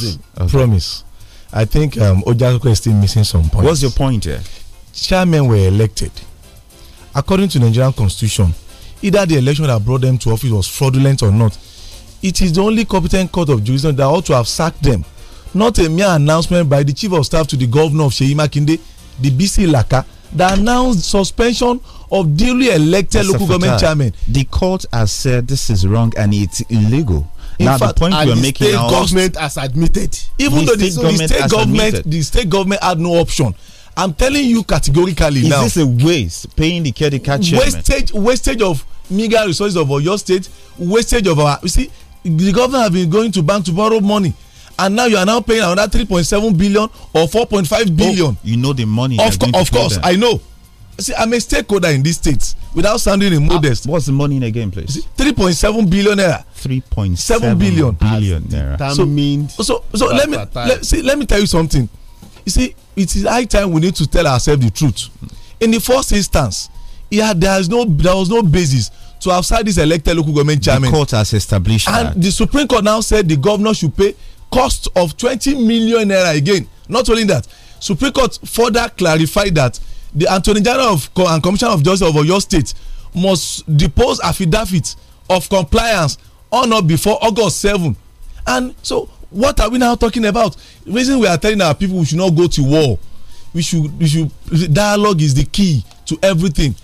Promising. Okay. Promise. I think um, is still missing some points. What's your point here? Chairmen were elected. According to the Nigerian constitution, either the election that brought them to office was fraudulent or not, it is the only competent court of jurisdiction that ought to have sacked them. Not a mere announcement by the chief of staff to the governor of Sheyi Makinde, the BC Laka, that announced suspension of duly elected local government chairman. The court has said this is wrong and it's illegal in now, fact, the point we are making state government has admitted. Even though the, the state government, admitted. the state government had no option. I'm telling you categorically Is now. Is this a waste? Paying the caretaker chairman. Wastage, wastage of meager resources of your state. Wastage of our. You see, the government have been going to bank to borrow money and now you are now paying another three point seven billion or four point five billion. Oh, you know the money. Of, co of course, them. I know see i'm a stakeholder in this state without sounding immodest. Ah, what's the money in again please. three point seven billion naira. three point seven billion billion naira. so means so so let me let, see, let me tell you something you see it is high time we need to tell ourselves the truth in the first instance yeah, there is no there was no basis to outside this elected local government chairman. The court has established and that. the supreme court now said the governor should pay cost of twenty million naira again not only that supreme court further clarified that the attorney general of, and commissioner of justice of oyo state must depose affidavit of compliance on or before august seven and so what are we now talking about the reason we are telling our people we should not go to war we should we should dialogue is the key to everything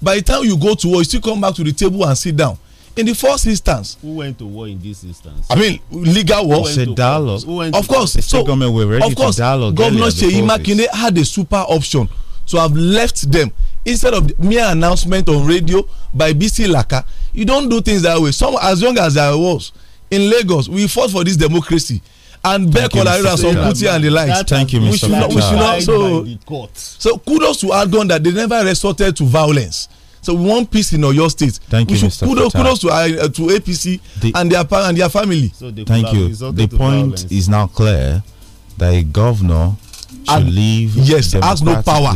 by the time you go to war you still come back to the table and sit down in the first instance. who went to war in this instance. i mean legal war. it's a dialogue. of course so of course governor seyi makinde had a super option so i have left them instead of mere announcement on radio by bc laka you don't do things that way some as young as i was in lagos we fought for this democracy and beg some Sonputi and the likes. Thank you, Mr. We should not, we should not, so, so kudos to Argon that they never resorted to violence. So we want peace in Oyo State. Thank we you, Mr. Kudos, kudos to, uh, uh to APC the, and their and their family. So Thank you. The point is now clear that a governor and leave yes has no power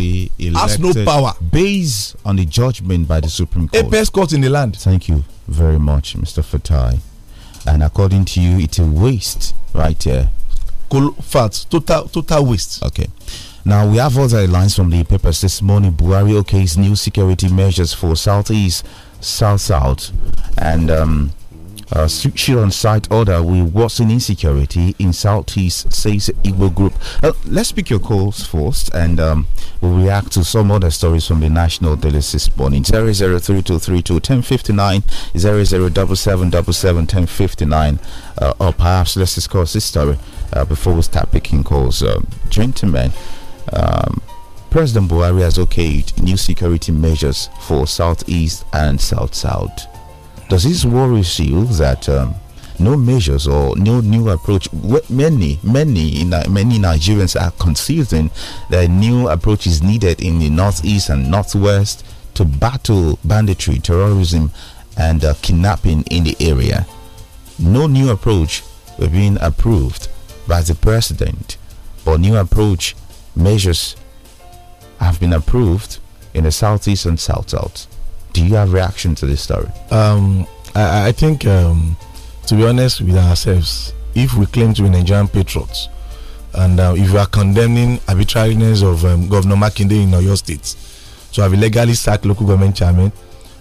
has no power based on the judgment by the supreme court apex court in the land thank you very much mr fatai and according to you it's a waste right here fat total total waste okay now, we have other lines from the papers this morning. Buhari okay's new security measures for Southeast, South South, and um, uh, Sheila on site order will worsen insecurity in Southeast, says Igbo Group. Uh, let's pick your calls first and um, we'll react to some other stories from the National Daily this morning. 003232 1059. Uh, or perhaps let's discuss this story uh, before we start picking calls. Um, gentlemen, um, President Buhari has okayed new security measures for Southeast and South South. Does this worries you that um, no measures or no new approach? Many, many, many Nigerians are conceiving that a new approach is needed in the northeast and northwest to battle banditry, terrorism, and uh, kidnapping in the area. No new approach has been approved by the president, but new approach measures have been approved in the southeast and south south do you have reaction to this story? Um, I, I think, um, to be honest with ourselves, if we claim to be Nigerian patriots, and uh, if we are condemning arbitrariness of um, Governor Makinde in Oyo State to have illegally sacked local government chairman,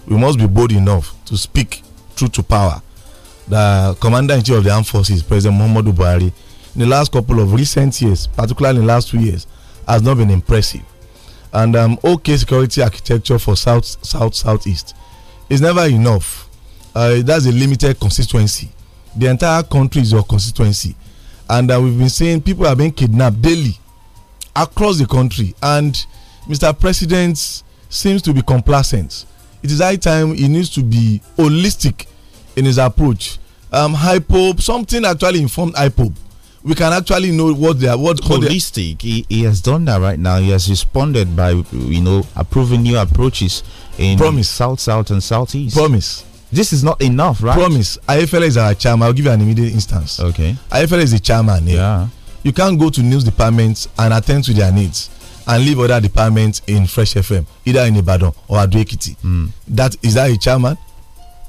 we must be bold enough to speak truth to power. The commander in chief of the armed forces, President Muhammadu Buhari, in the last couple of recent years, particularly in the last two years, has not been impressive and um, OK security architecture for South, South, Southeast is never enough. Uh, that's a limited constituency. The entire country is your constituency. And uh, we've been seeing people are being kidnapped daily across the country. And Mr. President seems to be complacent. It is high time he needs to be holistic in his approach. Um, hypo, something actually informed Hypo we can actually know what they are what holistic. He, he, has done that right now. He has responded by you know approving new approaches in promise south south and southeast. Promise. This is not enough, right? Promise. IFL is our chairman. I'll give you an immediate instance. Okay. IFL is the chairman. Yeah. yeah. You can't go to news departments and attend to their needs and leave other departments in Fresh FM, either in Ibadan or Ado mm. That is that a chairman?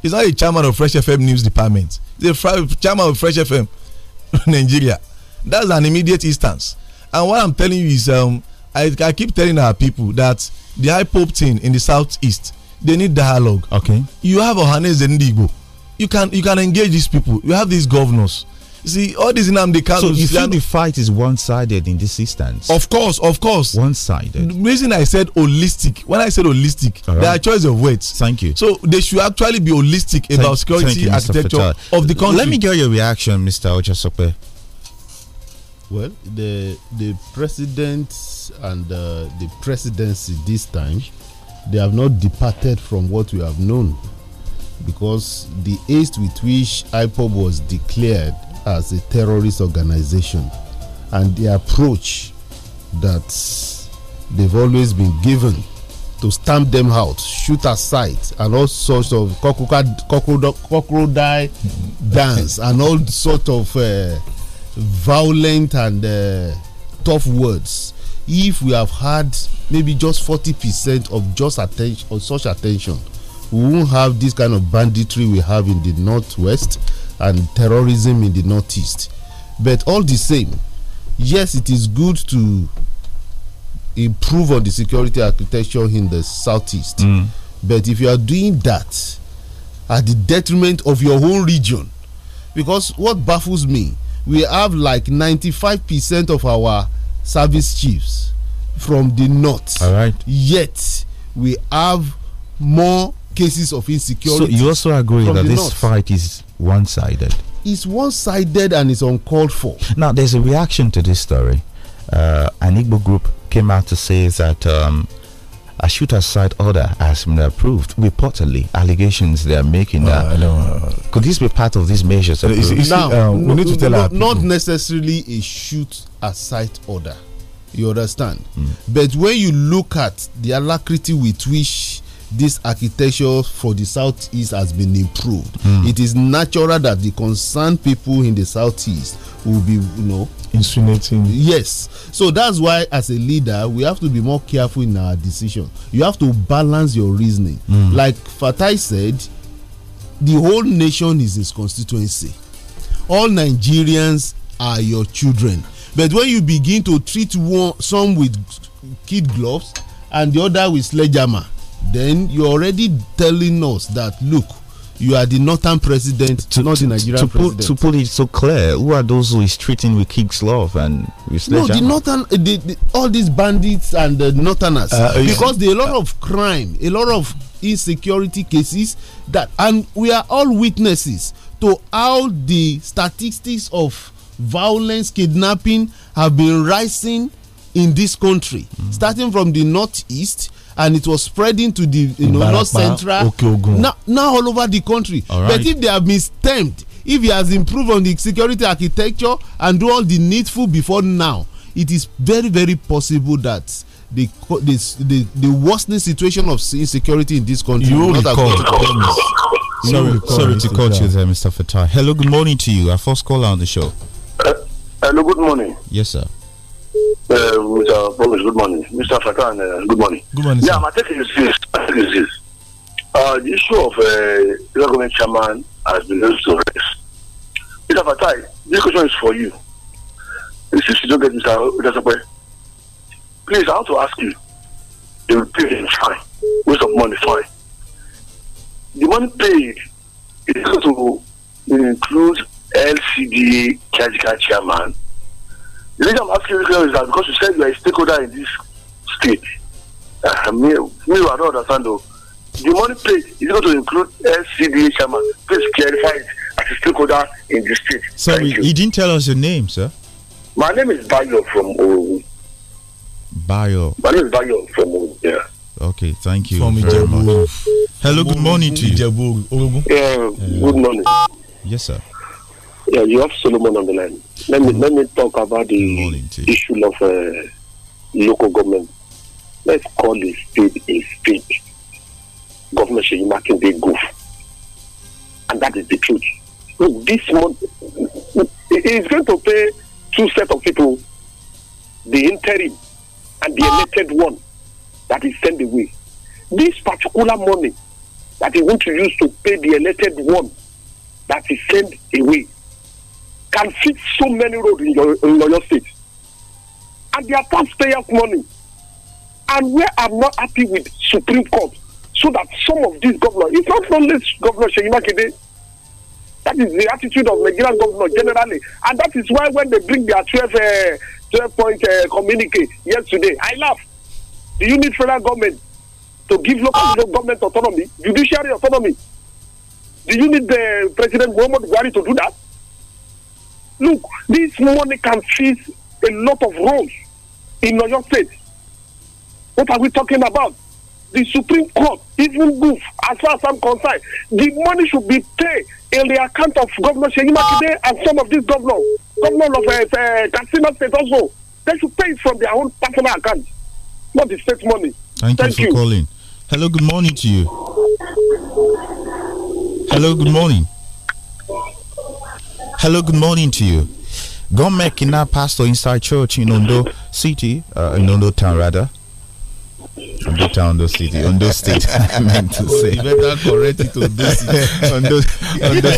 He's not a chairman of Fresh FM news department? a chairman of Fresh FM Nigeria that's an immediate instance and what i'm telling you is um, I, I keep telling our people that the high pope thing in the southeast they need dialogue okay you have ohanes endigbo you can you can engage these people you have these governors see all these Nnamdi Kanu. So you the fight is one-sided in this instance? Of course, of course. One-sided. The reason I said holistic. When I said holistic, right. there are choice of words. Thank you. So they should actually be holistic thank, about security you, architecture of the country. Let me get your reaction, Mr. Ochasope. Well, the the president and uh, the presidency this time, they have not departed from what we have known, because the haste with which IPOB was declared as a terrorist organization, and the approach that they've always been given to stamp them out, shoot aside, and all sorts of crocodile dance and all sorts of. Uh, violent and uh, tough words if we have had maybe just forty percent of just attention or such attention we won't have this kind of banditry we have in the northwest and terrorism in the northeast but all the same yes it is good to improve on the security architecture in the southeast mm. but if you are doing that at the detriment of your whole region because what baffles me we have like 95% of our service chiefs from the north. All right. Yet we have more cases of insecurity. So you also agree that this north. fight is one-sided. It's one-sided and it's uncalled for. Now there's a reaction to this story. Uh, an Igbo group came out to say that um, a shooter sight order has been approved. Reportedly, allegations they are making that. Uh, uh, could this be part of these measures? Is, is now, uh, we need to tell no, Not necessarily a shoot aside order. You understand? Mm. But when you look at the alacrity with which this architecture for the southeast has been improved. Mm. It is natural that the concerned people in the southeast will be, you know, insinuating. Yes. So that's why, as a leader, we have to be more careful in our decision. You have to balance your reasoning. Mm. Like Fatai said, the whole nation is his constituency. All Nigerians are your children. But when you begin to treat one, some with kid gloves and the other with sledgehammer, then you're already telling us that look you are the northern president, to, not the Nigerian to president. Put, to put it so clear, who are those who is treating with kicks love and with No, the northern, eh, the, the, all these bandits and the northerners, uh, oh, because there are a lot of crime, a lot of insecurity cases that, and we are all witnesses to how the statistics of violence, kidnapping have been rising in this country, mm. starting from the northeast and it was spreading to the you know north central okay, now, now all over the country right. but if they have been stemmed if he has improved on the security architecture and do all the needful before now it is very very possible that the the the, worsening situation of insecurity in this country you will not Sorry, sorry to cut you there, Mr. Fatah. Hello, good morning to you. Our first caller on the show. Uh, hello, good morning. Yes, sir. Uh, Mr. Promise, good morning. Mr. Fakan, uh, good morning. Good morning. Yeah, sir. my take is this. My take is this. Uh, the issue of uh, government chairman has been raised to rest. Mr. Fatai, this question is for you. Since you don't get Mr. Udasapwe, please, I want to ask you. They will pay him fine, waste of money fine. The money paid is going to include LCD, Kajika chairman, the reason I'm asking you is that because you said you are a stakeholder in this state. Uh, me, me, I don't understand though. The money paid is going to include SCBA, chairman. Please clarify it as a stakeholder in the state. Sorry, you. didn't tell us your name, sir. My name is Bayo from Owo. Bayo. My name is Bayo from Owo. yeah. Okay, thank you. From very much. Hello, good morning to you. Yeah, good morning. Yes, sir. Yeah, you have Solomon on the line. Let me let me talk about the morning, issue of uh, local government. Let's call this state a state Government should be marking big goof, and that is the truth. Look, this one is going to pay two set of people: the interim and the elected one that is sent away. This particular money that is going to use to pay the elected one that is sent away can fix so many roads in your, in your state. And they are taxpayers' money. And where I'm not happy with Supreme Court, so that some of these governors, it's not only Governor Sheyimakide, that is the attitude of Nigerian government generally. And that is why when they bring their 12, uh, 12 point uh, communique yesterday, I laugh. Do you need federal government to give local uh, government autonomy, judiciary autonomy? Do you need the uh, President Muhammad Buhari to do that? Look, this money can fix a lot of wrongs in your State. What are we talking about? The Supreme Court, even goof, as far as I'm concerned, the money should be paid in the account of Governor Sheyi Makinde and some of these governors, governors of uh, uh, Katsina State also. They should pay it from their own personal account, not the state money. Thank, Thank you for you. calling. Hello, good morning to you. Hello, good morning. Hello, good morning to you. Gomekina pastor inside church in Ondo City, uh, in Ondo Town rather. Greater Ondo City, Ondo State, I meant to say. You better correct it Ondo Ondo, Ondo,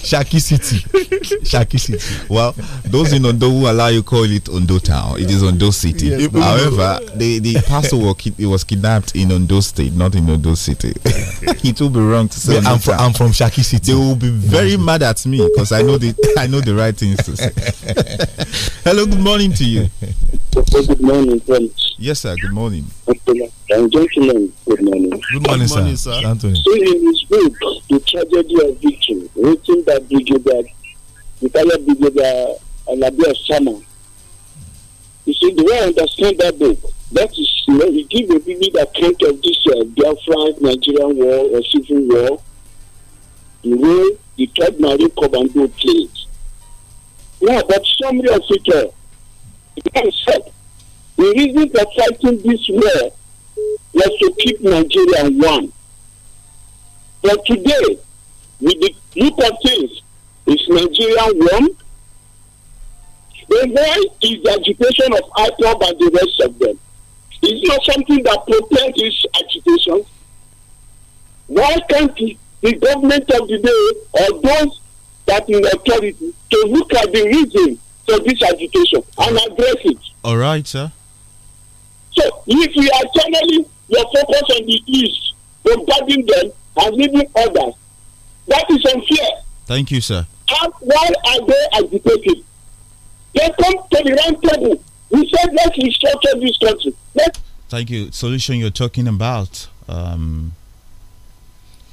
Shaki City. Shaki City. Well, those in Ondo who allow you call it Ondo Town. It is Ondo City. Yes, However, the, the pastor was kidnapped in Ondo State, not in Ondo City. it will be wrong to say. I'm from, I'm from Shaki City. They will be very mad at me because I know the I know the right things to say. Hello, good morning to you. Good morning, friends. Yes, sir. Good morning. And gentlemen, good morning. Good morning, good morning sir. sir. Anthony. So in his book, The Tragedy of Victory, written by Brigadier, Italian Brigadier Anabia Sama, you see, the way I understand that book, that is, you know, he gives a vivid account of this uh, Biafran Nigerian war or civil war, the way the third Marine Commando played. Now, but summary of it all, it said, the reason for fighting this war was to keep Nigeria one. But today, with the look of things, is Nigeria one? Then why is the agitation of IPOB and the rest of them? Is not something that propelled this agitation? Why can't the, the government of the day or those that in authority to look at the reason for this agitation and address it? All right, sir. So if you are channeling your focus on the East, bombarding them and leaving others, that is unfair. Thank you, sir. And why are they agitating? They come to the round table. We said let's restructure this country. Let's Thank you. Solution you're talking about. Um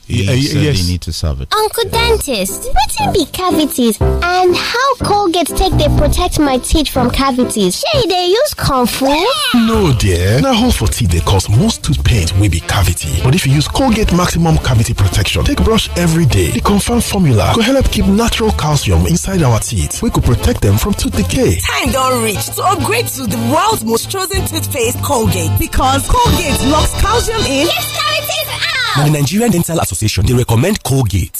uh, he said yes. need to solve it. Uncle Dentist, what can be cavities and how Colgate take they protect my teeth from cavities? Say they use comfort? No dear, now whole for teeth they cause most tooth pain will be cavity. But if you use Colgate Maximum Cavity Protection, take brush every day. The confirmed formula could help keep natural calcium inside our teeth. We could protect them from tooth decay. Time don't reach to upgrade to the world's most chosen toothpaste, Colgate. Because Colgate locks calcium in. Yes, cavities out! Now the Nigerian Dental Association, they recommend Colgate.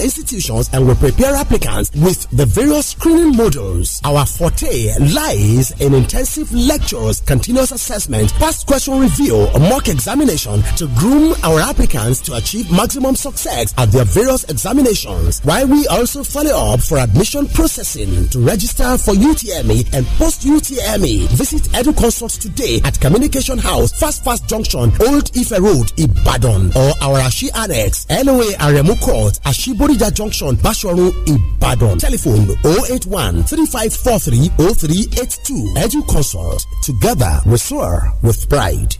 institutions and will prepare applicants with the various screening modules. Our forte lies in intensive lectures, continuous assessment, past question review, mock examination to groom our applicants to achieve maximum success at their various examinations. While we also follow up for admission processing to register for UTME and post UTME, visit EduConsult today at Communication House, Fast Fast Junction, Old Ife Road, Ibadan, or our Ashi Annex, LOA Aremu Court, Ashibori Bodija Junction, Bashorun, Ibadan. Telephone 081 3543 0382. Edu Consult. Together we soar with pride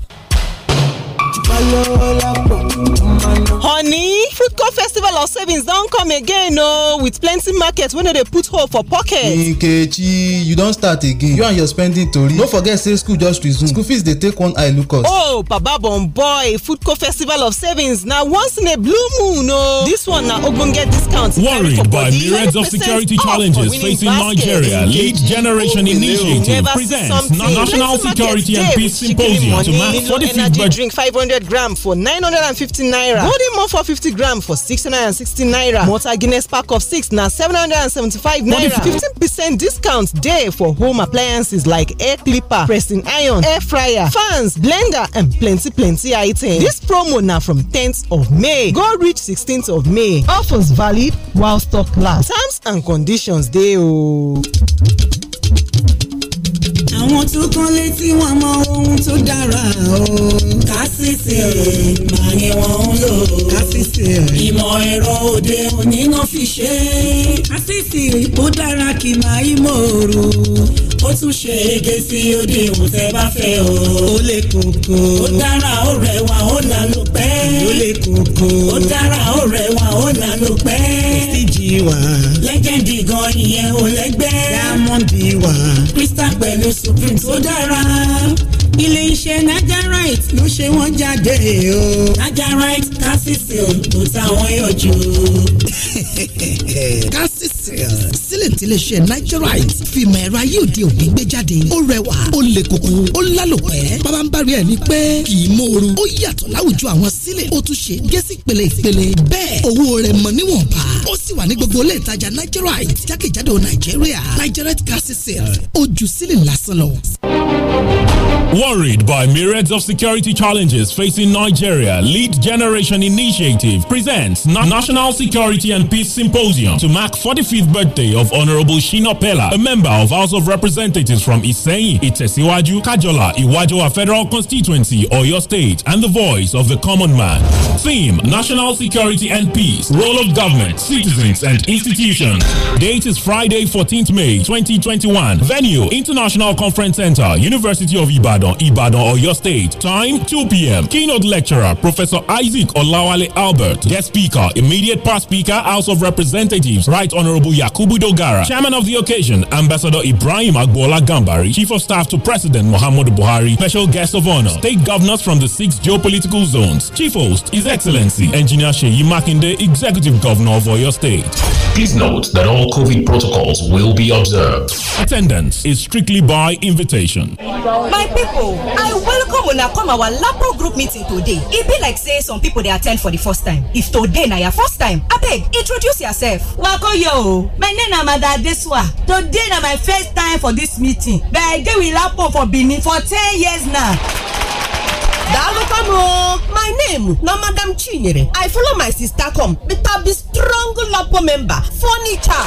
honey food court festival of savings don't come again no, oh, with plenty market when no they put hole for pocket nkechi you don't start again you and your spending tori Don't forget say school just resume school fees they take one eye look us oh baba bon boy court festival of savings Now once in a blue moon oh! this one now, open get discount worried by myriads of security challenges facing nigeria lead generation initiative presents national security and peace symposium to mark 45th hundred gram for nine hundred and fifty naira golden malt four fifty gram for six hundred and sixty naira malta guinness pack of six na seven hundred and seventy-five naira fifteen percent discount dey for home appliances like air clipper pressing iron air fryer fans blender and plenty plenty items this promo na from 10th of may go reach sixteenth of may offers valid while stock last. terms and conditions dey o. Oh àwọn tó kán létí wọn mọ ohun tó dára o. kásìsì mà ni wọ́n ń lò. kásìsì ìmọ̀ ẹ̀rọ òde òní náà fi ṣe. kásìsì ó dára kì máa í mòrò ó tún ṣe ege sí odi ìwò tẹ́ bá fẹ́ o. ó lè kókó. ó dára ó rẹwà ó lànà pẹ́. ó lè kókó. ó dára ó rẹwà ó lànà pẹ́. prestige wà. lẹ́gẹ̀dì gan ìyẹn ò lẹ́gbẹ́. diamond wà. crystal pẹ̀lú supreme tó dára ilé iṣẹ́ Nigerite ló ṣe wọ́n jáde o. Nigerite calcicil kò táwọn yọjú. calcicil sílẹ̀ tí iléeṣẹ́ Nigerite fìmọ̀ ẹ̀rọ ayé òde òní gbé jáde ó rẹwà ó lè kókó ó lálòpẹ́ bàbá ń bari ẹ̀ ní pé kì í mòoru ó yàtọ̀ láwùjọ àwọn sílẹ̀ ó tún ṣe gẹ́sì pèlè ìpèlè bẹ́ẹ̀ owó rẹ̀ mọ̀ níwọ̀nba ó sì wà ní gbogbo ilé ìtajà Nigerite jákèjádò Nàìjíríà Nigerite calcicil ó ju sílẹ̀ lásán lọ Worried by myriads of security challenges facing Nigeria, Lead Generation Initiative presents Na National Security and Peace Symposium to mark 45th birthday of Honorable Shina Pella, a member of House of Representatives from Iseyin, Itesiwaju, Kajola, Iwajoa Federal Constituency, Oyo State, and the voice of the common man. Theme: National Security and Peace, Role of Government, Citizens and Institutions. Date is Friday, 14th May 2021. Venue: International Conference Center, University of Ibadan. Ibadan, or your state. Time 2 p.m. Keynote lecturer Professor Isaac Olawale Albert. Guest speaker, immediate past speaker, House of Representatives, Right Honorable Yakubu Dogara. Chairman of the occasion, Ambassador Ibrahim Agbola Gambari. Chief of Staff to President Muhammadu Buhari. Special guest of honor, state governors from the six geopolitical zones. Chief host, His Excellency Engineer Sheyi Makinde, Executive Governor of Oyo State. Please note that all COVID protocols will be observed. Attendance is strictly by invitation. My people pipo i welcome una come our lapo group meeting today e be like say some people dey attend for the first time if today na your first time abeg introduce yourself. Wako yo, my name na mada adesuwa today na my first time for this meeting but i dey with lapo for benin for ten years now. daalụkwanụ my name na madam chinyere i follow my sister come beta be strong lapo member fonicha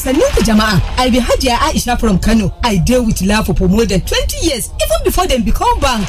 sannin ku jama'a i been hajiya aisha from kano i deal with lafo for more than twenty years even before them become bank.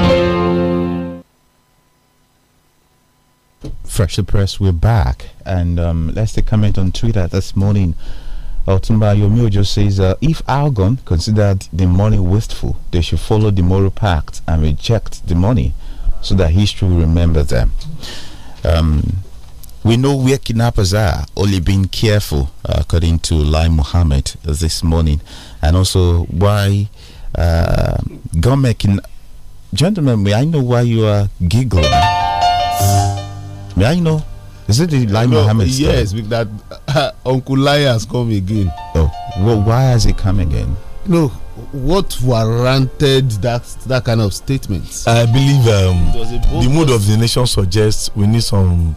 Fresh the Press, we're back. And um, let's take comment on Twitter this morning. Otumba Yomiojo says, uh, if Algon considered the money wasteful, they should follow the moral pact and reject the money so that history will remember them. Um, we know where kidnappers are, only being careful, uh, according to Lai Muhammad uh, this morning. And also, why uh, gun making. Gentlemen, may I know why you are giggling? May I know? Is it the Lai no, Mohammed? Yes, with that uh, Uncle Lai has come again. Oh, well, why has he come again? No, what warranted that that kind of statement? I believe um, the mood of the nation suggests we need some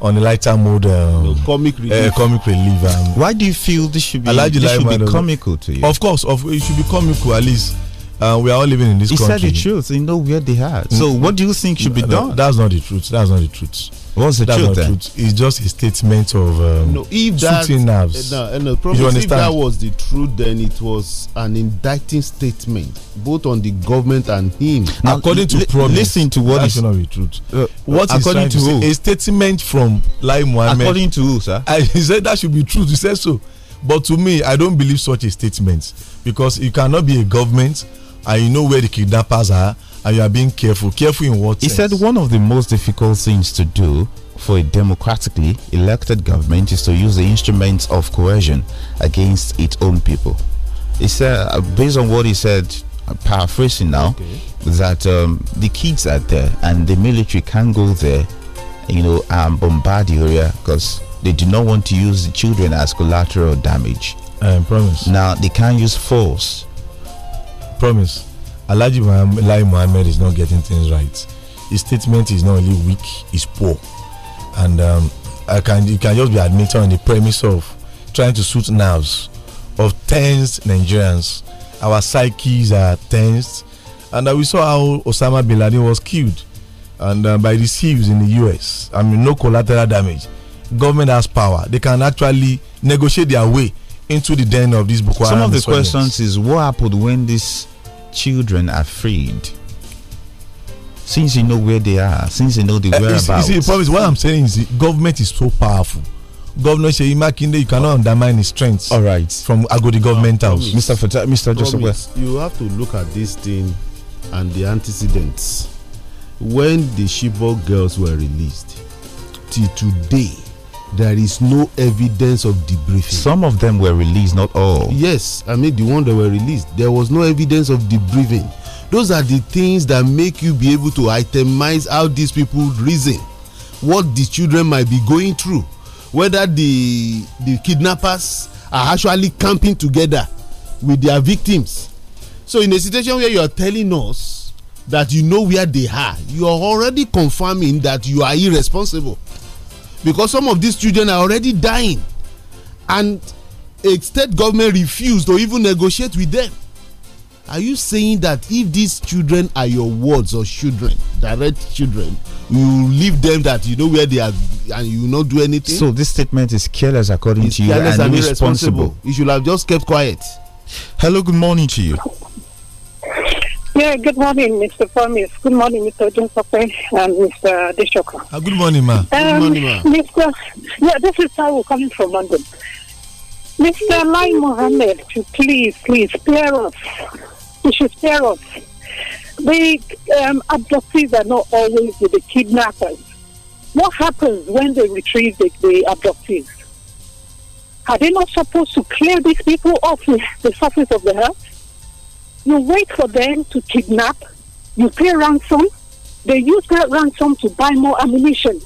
on a lighter mood, Um, comic relief. Uh, comic relief um, why do you feel this should be, this should be comical to you? Of course, of, it should be comical at least. Uh, we are all living in this he country. He said the truth. You know where they are. So, mm. what do you think should be no, done? that's not the truth. That's not the truth. What's the That's truth, then? Eh? Truth. It's just a statement of um, no, if that, shooting nerves. Eh, eh, no, no, if that was the truth, then it was an indicting statement, both on the government and him. Now, according to promise, listen to what is not the truth. Uh, uh what according to, to who? Say, a statement from Lai Muhammad. According to who, sir? he said that should be truth. He said so, but to me, I don't believe such a statement because it cannot be a government, and you know where the kidnappers are and you are being careful. Careful in what? He sense? said one of the most difficult things to do for a democratically elected government is to use the instruments of coercion against its own people. He said, uh, based on what he said, paraphrasing now, okay. that um, the kids are there and the military can go there, you know, and bombard the area because they do not want to use the children as collateral damage. I uh, promise. Now they can't use force. Promise Alaji Lai Mohammed is not getting things right. His statement is not only weak, it's poor. And um, I can, it can just be admitted on the premise of trying to suit nerves of tensed Nigerians. Our psyches are tensed. And uh, we saw how Osama bin Laden was killed and uh, by the thieves in the US. I mean, no collateral damage. Government has power. They can actually negotiate their way into the den of these Boko Some of the questions is what happened when this children are freed since you know where they are since you know the uh, whereabouts. you see the problem is what i'm saying is the government is so powerful governor seyi makinde you cannot undermine his strength. all right from agodi ah, government house. mr fata mr joseph. you have to look at this thing and the antecedents when the chibok girls were released till today there is no evidence of debriefing. Some of them were released, not all. Yes, I mean the one that were released, there was no evidence of debriefing. Those are the things that make you be able to itemize how these people reason, what the children might be going through, whether the the kidnappers are actually camping together with their victims. So in a situation where you are telling us that you know where they are, you are already confirming that you are irresponsible because some of these children are already dying and a state government refused to even negotiate with them are you saying that if these children are your wards or children direct children you leave them that you know where they are and you not do anything. so this statement is careless according it's to you and, and irresponsible. irresponsible you should have just kept quiet. hello good morning to you. Yeah, good morning, Mr. Promise. Good morning, Mr. Dunsope and Mr. Deshoka. Uh, ah, good morning, ma. Um, good morning, ma. Mr. Yeah, this is Taiwo coming from London. Mr. Lai Mohammed, please, please, spare us. You should spare us. The um, abductees are not always the kidnappers. What happens when they retrieve the, the abductees? Are they not supposed to clear these people off the surface of the earth? You wait for them to kidnap, you pay ransom, they use that ransom to buy more ammunition,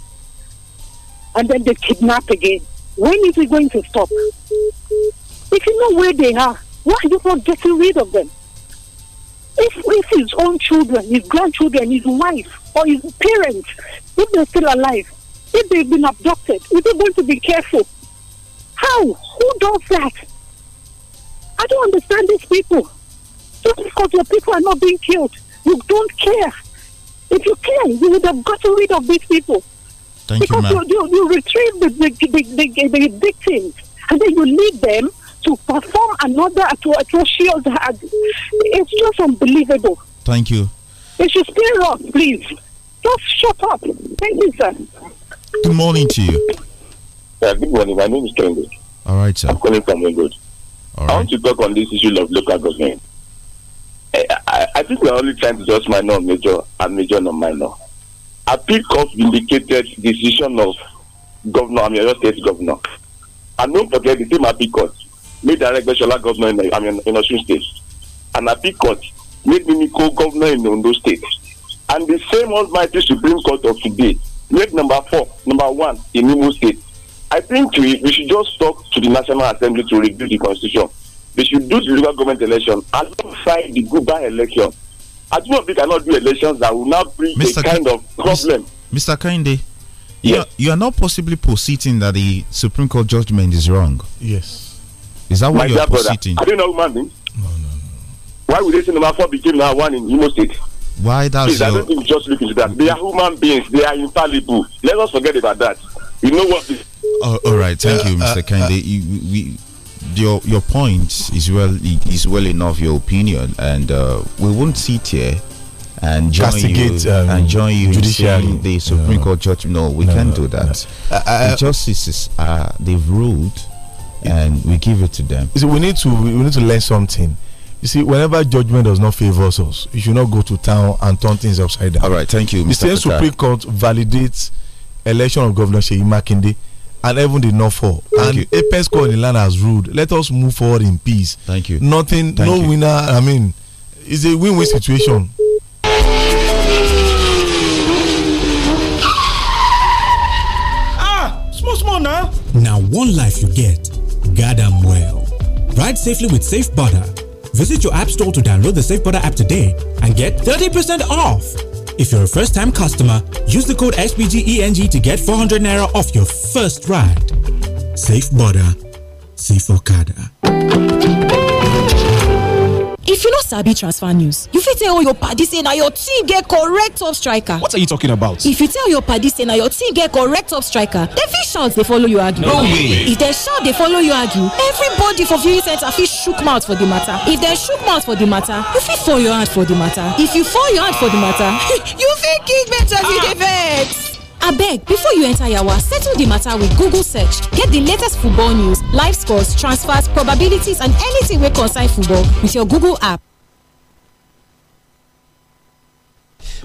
and then they kidnap again. When is it going to stop? If you know where they are, why are you not getting rid of them? If, if his own children, his grandchildren, his wife, or his parents, if they're still alive, if they've been abducted, is he going to be careful? How? Who does that? I don't understand these people. Just because your people are not being killed. You don't care. If you care, you would have gotten rid of these people. Thank because you, you, you, retrieve the, the, the, the, victims and then you lead them to perform another atrocious act. It's just unbelievable. Thank you. They should stay up, please. Just shut up. Thank you, sir. Good morning to you. Uh, good morning. My name is Kenwood. All right, sir. I'm calling from England. All right. I want to talk on this issue of local government. I, I think we're only trying to just minor major and major or minor. Appeal court vindicated decision of Governor Amioyo State Governor. And don't forget the same appeal court made direct Beshola Governor in, I mean, in Osun State. And appeal court made Mimiko Governor in Ondo State. And the same almighty Supreme Court of today made number four, number one in Imo State. I think we, we should just talk to the National Assembly to review the constitution they should do the local government election alongside the Guba election. Ajumobi cannot do elections that will now bring Mr. a kind of problem. Mr. Kinde, you, yes. you are not possibly positing that the Supreme Court judgment is wrong. Yes. Is that what you are positing? I don't know human being. No, no, Why would they say number four became number one in Imo State? Why that's Please, your... I don't think just look into that. They are human beings. They are infallible. Let us forget about that. You know what? Oh, all right. Thank uh, uh, you, Mr. Uh, Uh, we your your point is well is well enough your opinion, and uh, we won't sit here and join Castigate, you um, and join you judiciary. the Supreme no. Court judge. No, we no, can't do that. No. Uh, uh, the justices are they've ruled, and we give it to them. See, we need to we need to learn something. You see, whenever judgment does not favor us, you should not go to town and turn things upside down. All right, thank you, Mr. Supreme Court validates election of Governor Sheyi Makinde and even the north fall. Thank and you. apex court in land has ruled let us move forward in peace. thank you nothing thank no you. winner i mean it's a win-win situation. ah small small now. Now one life you get Goddamn well. ride safely with safe visit your app store to download the safe app today and get 30% off. If you're a first time customer, use the code SBGENG to get 400 Naira off your first ride. Safe Border, Safe Okada if you no sabi transfer news you fit tell all your padi say na your team get correct top striker what are you talking about if you tell your padi say na your team get correct top striker dem fit shout dey follow you argue no way if dem shout dey follow you argue everybody for viewing centre fit shook mouth for di matter if dem shook mouth for di matter you fit fall your hand for di matter if you fall your hand for di matter you fit kick me to di event abeg before you enter yawa settle the matter with google search get the latest football news live scores transfers probabilities and anything wey concern football with your google app.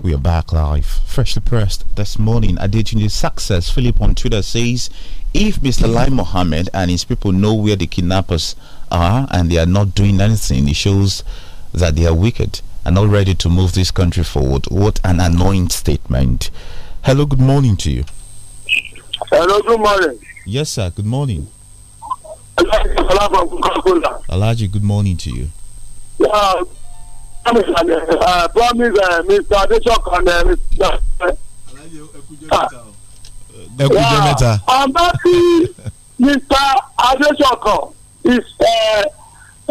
We are back live, freshly pressed this morning. Adetunde Success Philip on Twitter says, "If Mr. Lai Mohammed and his people know where the kidnappers are and they are not doing anything, it shows that they are wicked and not ready to move this country forward." What an annoying statement! Hello, good morning to you. Hello, good morning. Yes, sir, good morning. Alaji, good morning to you. Yeah, I promise, uh, promise uh, Mr. Adeshok and uh, Mr. Uh, I'm asking Mr. Adeshok is uh,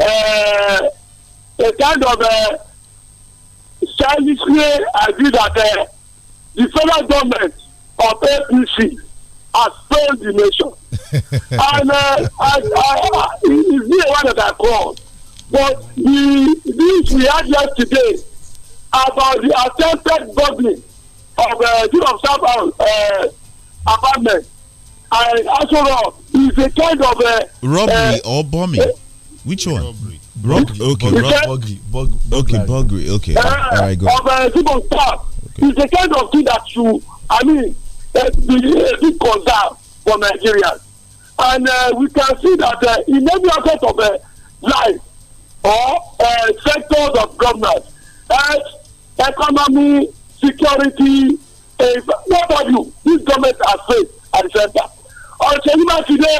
uh, a kind of a childish uh, way I do that. Uh, the federal government of apc has failed the nation and uh, it's the one that i call but the news we had yesterday about the attempted burglary of uh, the of south house uh, apartment and also is a kind of uh, robbery or bombing which one robbery. Bro okay, okay, bug, bug, bug, okay, okay. Uh, All right, go. Of, uh, is the kind of thing that you, I mean, uh, be, uh, for Nigerians. And uh, we can see that uh, in every aspect of uh, life or uh, sectors of government, health, economy, security, uh, what have you, this government has failed at the center. On Chelima today,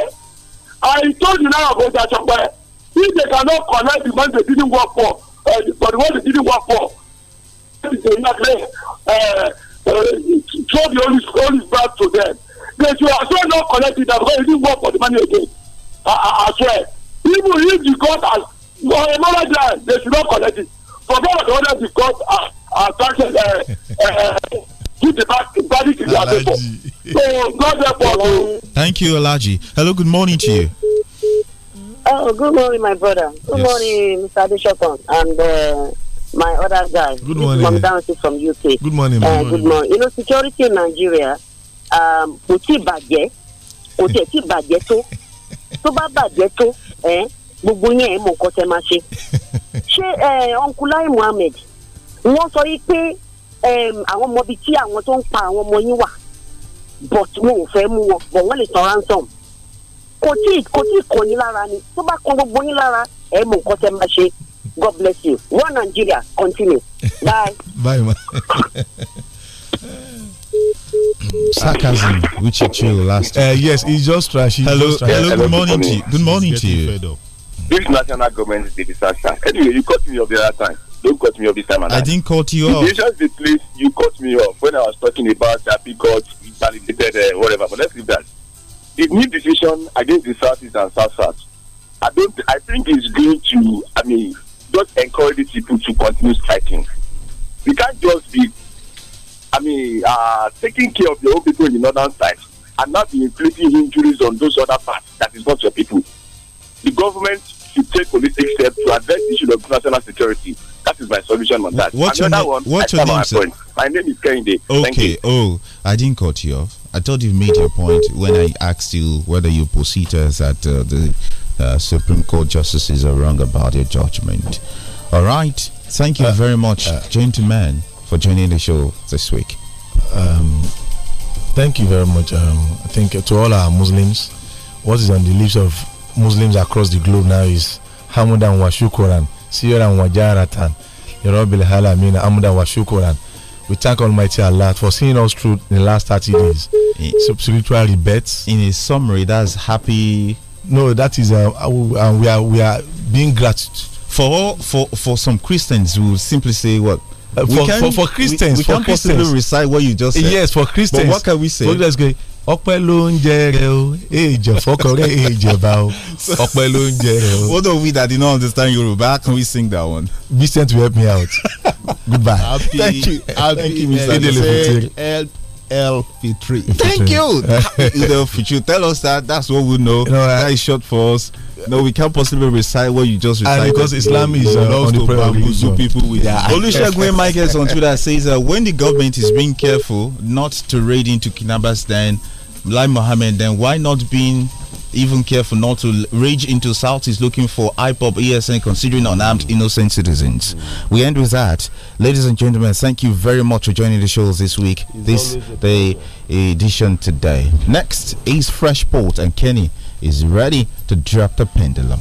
I told you now about that somewhere. If they cannot collect the money they didn't work for, uh, for the one they didn't work for, throw the only back to them. They should as well not collect it because it didn't work for the money again. I, swear. Even if the court has they should not collect it. For the other court uh, the back to So God Thank you, Elaji. Hello, good morning to you. Oh, good morning, my brother. Good yes. morning, Mr. Bishop, and uh, my other guy. Good morning. down Dancy from UK. Good morning. Uh, good morning. You know, security in Nigeria, um, tí ì bàjẹ́, kò tí ì bàjẹ́ tó, tó bá bàjẹ́ tó, gbogbo yẹn ẹ̀ mọ̀ nǹkan tẹ́ máa ṣe. Ṣé Ọ̀nkúláì Mohammed wọ́n sọ yìí pé àwọn ọmọ ibi tí àwọn tó ń pa àwọn ọmọ yín wà but wọn ò fẹ́ mú wọn but wọ́n lè san ransom. Kò tí ì kò tí kàn yín lára ni, tó bá kan gbogbo yín lára ẹ̀ mọ̀ nǹkan tẹ́ máa ṣe. God bless you. One Nigeria. Continue. Bye. Bye, man. sarcasm which you chill last uh, yes it's just trash hello, just trash. hello, hello good morning to you good morning to you this national government is a disaster anyway you caught me off the other time don't cut me off this time i didn't cut you off you just the place you caught me off when i was talking about that because validated uh, whatever but let's leave that the new decision against the southeast and south south i don't i think it's going to i mean just encourage these people to continue striking. We can't just be, I mean, uh, taking care of your own people in the northern side and not be inflicting injuries on those other parts that is not your people. The government should take holistic steps to address the issue of national security. That is my solution on that. What's your, one, what's your name, sir? My name is Kende. Okay. Oh, I didn't cut you off. I thought you made your point when I asked you whether you proceeded at uh, the uh, Supreme Court justices are wrong about their judgment. All right. Thank you uh, very much, uh, gentlemen, for joining the show this week. Um, thank you very much. Um, I think to all our Muslims, what is on the lips of Muslims across the globe now is Hamudan wa Shukuran, Siran wa Jaratan, Yarabil Halamina, Hamudan wa Shukuran. We thank Almighty Allah for seeing us through the last 30 days. In, Spiritual rebirth. In a summary, that's happy no that is uh, uh, we are we are being grateful for all, for for some christians who simply say what uh, for, can, for, for christians we, we for can't christians. possibly recite what you just said yes for christians but what can we say for christians ọpẹ ló ń jẹ o fọkọrẹ bá o ọpẹ ló ń o. what of we that did not understand yoruba how can we sing that one. vincent will help me out goodbye. happy thank you happy thank you mr. L P three. Thank you. you know, Fitri, tell us that. That's what we know. You know that is short for us. No, we can't possibly recite what you just recited. And because Islam is uh, loves to bamboozle people with. Yeah. Olusegun Michaels on Twitter says that uh, when the government is being careful not to raid into Kinabas, then like Mohammed, then why not being even careful not to rage into South is looking for IPOP ESN considering unarmed innocent citizens. We end with that. Ladies and gentlemen, thank you very much for joining the shows this week. It's this the edition today. Next is Freshport and Kenny is ready to drop the pendulum.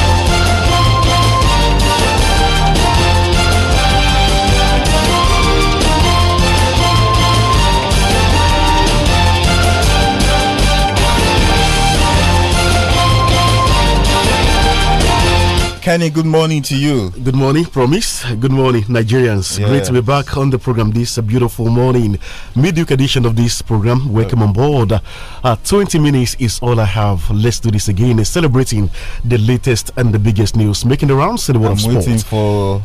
Kenny, good morning to you. Good morning, promise. Good morning, Nigerians. Great to be back on the program this beautiful morning. Midweek edition of this program. Welcome okay. on board. Uh, 20 minutes is all I have. Let's do this again. Celebrating the latest and the biggest news making the rounds in the world I'm of sports. waiting for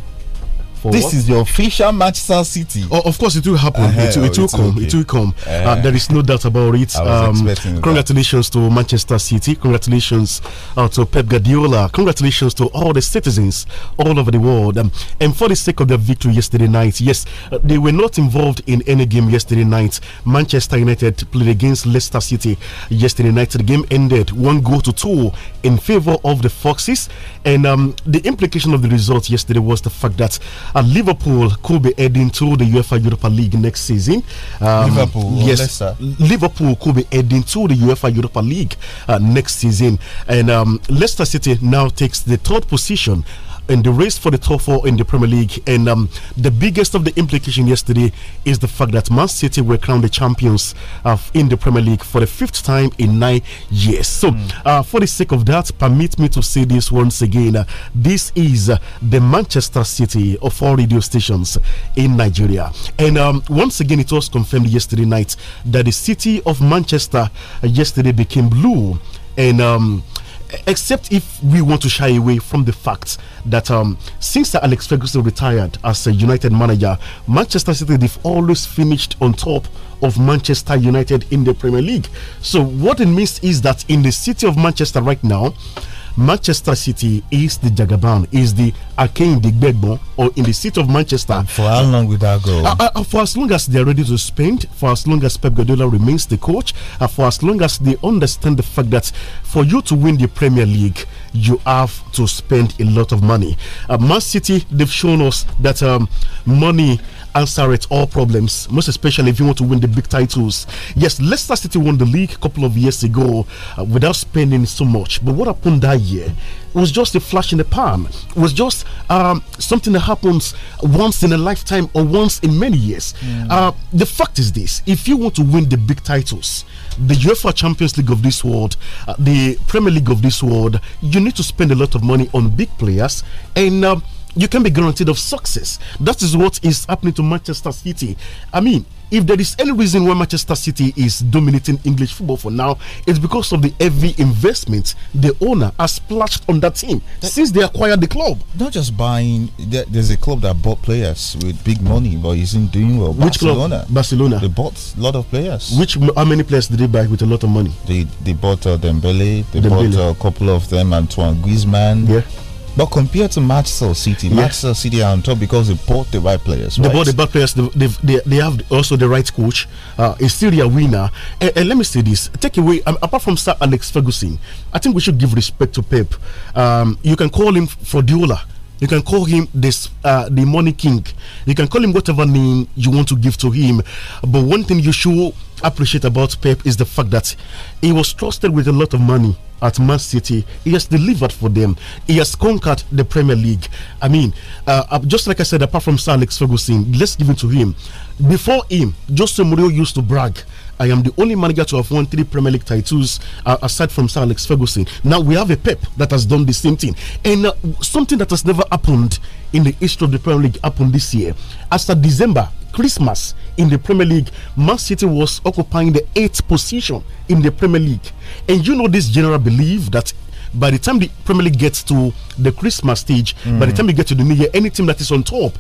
for this what? is the official Manchester City. Oh, of course, it will happen. Uh -huh. it, will, it oh, will come. Okay. It will come. Uh-huh. Uh -huh. there is no doubt about it. Um, congratulations that. to Manchester City. Congratulations uh, to Pep Guardiola. Congratulations to all the citizens all over the world. Um, and for the sake of their victory yesterday night, yes, uh, they were not involved in any game yesterday night. Manchester United played against Leicester City yesterday night. The game ended one goal to two in favor of the Foxes. And um, the implication of the result yesterday was the fact that and uh, Liverpool could be heading to the UEFA Europa League next season. Um, Liverpool, yes, Liverpool could be heading to the UEFA Europa League uh, next season. And um, Leicester City now takes the third position in the race for the top four in the Premier League. And um, the biggest of the implication yesterday is the fact that Man City were crowned the champions of uh, in the Premier League for the fifth time in nine years. So, mm. uh, for the sake of that, permit me to say this once again. Uh, this is uh, the Manchester City of all radio stations in Nigeria. And um, once again, it was confirmed yesterday night that the city of Manchester uh, yesterday became blue. And um, except if we want to shy away from the fact that um, since Alex Ferguson retired as a United manager, Manchester City they've always finished on top of Manchester United in the Premier League. So what it means is that in the city of Manchester right now, Manchester City is the Jagaban, is the Akin Digbegbo, or in the city of Manchester. And for how long will that go? Uh, uh, uh for as long as they're ready to spend, for as long as Pep Guardiola remains the coach, uh, for as long as they understand the fact that for you to win the Premier League, you have to spend a lot of money. Uh, Man City, they've shown us that um, money answer at all problems, most especially if you want to win the big titles. Yes, Leicester City won the league a couple of years ago uh, without spending so much. But what happened that year? It was just a flash in the palm. It was just um, something that happens once in a lifetime or once in many years. Mm. Uh, the fact is this: if you want to win the big titles, the UEFA Champions League of this world, uh, the Premier League of this world, you need to spend a lot of money on big players and. Um, you can be guaranteed of success. That is what is happening to Manchester City. I mean, if there is any reason why Manchester City is dominating English football for now, it's because of the heavy investment the owner has splashed on that team that, since they acquired the club. Not just buying, there, there's a club that bought players with big money but isn't doing well. Which Barcelona, club? Barcelona. They bought a lot of players. Which How many players did they buy with a lot of money? They they bought uh, Dembele, they Dembele. bought uh, a couple of them, Antoine Griezmann. Yeah but compared to Manchester City, yeah. Manchester City are on top because they bought the right players. They bought the right players. They, they, they have also the right coach. Uh, is still their winner. And, eh, and, eh, let me say this: take away um, apart from Sir Alex Ferguson, I think we should give respect to Pep. Um, you can call him Frodiola you can call him this uh, the money king. You can call him whatever name you want to give to him. But one thing you should appreciate about Pep is the fact that he was trusted with a lot of money at Man City. He has delivered for them. He has conquered the Premier League. I mean, uh, uh just like I said, apart from Sir Alex Ferguson, let's give it to him. Before him, Jose Mourinho used to brag I am the only manager to have won three Premier League titles uh, aside from Sir Alex Ferguson. Now we have a Pep that has done the same thing, and uh, something that has never happened in the history of the Premier League happened this year. After December, Christmas in the Premier League, Man City was occupying the eighth position in the Premier League. And you know this general belief that by the time the Premier League gets to the Christmas stage, mm. by the mm. time you get to the New Year, any team that is on top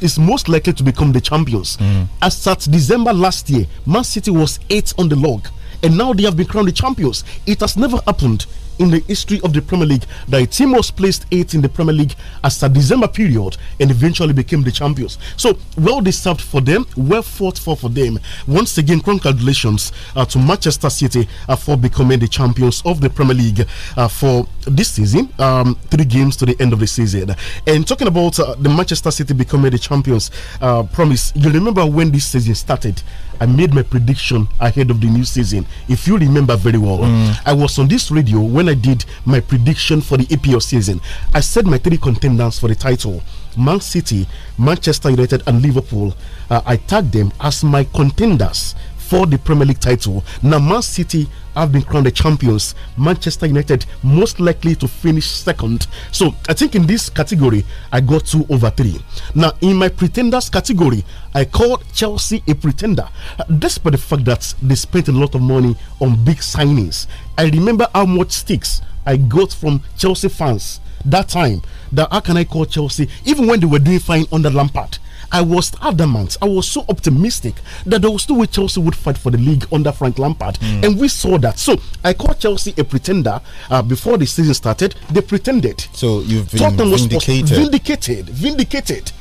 is most likely to become the champions. Mm. As at December last year, Man City was eight on the log and now they have been crowned the champions. It has never happened in the history of the Premier League that a team was placed eighth in the Premier League as a December period and eventually became the champions. So well deserved for them, well fought for for them. Once again, congratulations uh, to Manchester City uh, for becoming the champions of the Premier League uh, for this season. Um, three games to the end of the season. And talking about uh, the Manchester City becoming the champions, uh, promise you remember when this season started. I made my prediction ahead of the new season. If you remember very well, mm. I was on this radio when I did my prediction for the EPL season. I said my three contenders for the title. Man City, Manchester United, and Liverpool. Uh, I tagged them as my contenders for the Premier League title. Now, Man City have been crowned the champions. Manchester United most likely to finish second. So I think in this category, I got two over three. Now, in my pretenders category, I called Chelsea a pretender, uh, despite the fact that they spent a lot of money on big signings. I remember how much sticks I got from Chelsea fans that time. That how can I call Chelsea? Even when they were doing fine under Lampard, I was adamant, I was so optimistic that there was no way Chelsea would fight for the league under Frank Lampard, mm. and we saw that. So I called Chelsea a pretender uh, before the season started. They pretended. So you've been Tottenham vindicated. vindicated, vindicated.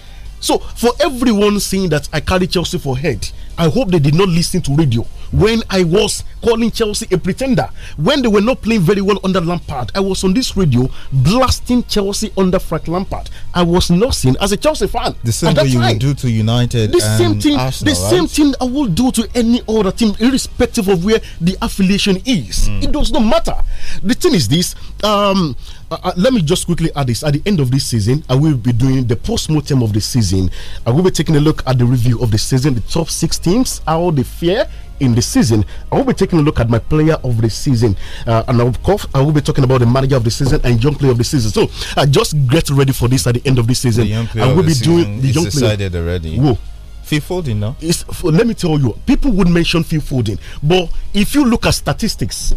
So for everyone saying that I carry Chelsea for head, I hope they did not listen to radio when I was calling Chelsea a pretender. When they were not playing very well under Lampard, I was on this radio blasting Chelsea under Frank Lampard. I was seen as a Chelsea fan. The same thing you will do to United. The same thing. Arsenal, the right? same thing I will do to any other team, irrespective of where the affiliation is. Mm. It does not matter. The thing is this. Um, uh, uh, let me just quickly add this. At the end of this season, I will be doing the post mortem of the season. I will be taking a look at the review of the season, the top 16 teams, how they fare in the season. I will be taking a look at my player of the season, uh, and of course, I will be talking about the manager of the season and young player of the season. So, I uh, just get ready for this at the end of the season. The I will be doing the young player. decided already. Whoa. Phil Foden now? It's, let me tell you, people would mention Phil Foden, but if you look at statistics,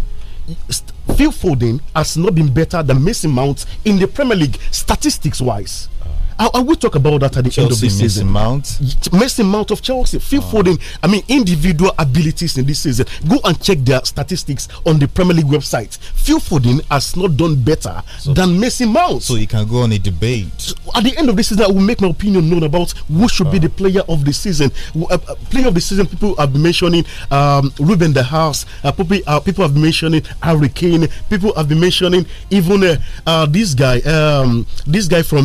Phil Foden has not been better than Mason Mount in the Premier League, statistics wise. I, I, will talk about that at the Chelsea, end of the season. Messi, Mount, Messi, Mount of Chelsea, Phil oh. Foden. I mean, individual abilities in this season. Go and check their statistics on the Premier League website. Phil Foden has not done better so, than Messi, Mount. So you can go on a debate. So at the end of this season, I will make my opinion known about who ah. should oh. be the player of the season. Uh, uh, player of the season. People have been mentioning um, Ruben the House. Uh, people, uh, people have been mentioning Harry Kane. People have been mentioning even uh, uh, this guy. Um, this guy from.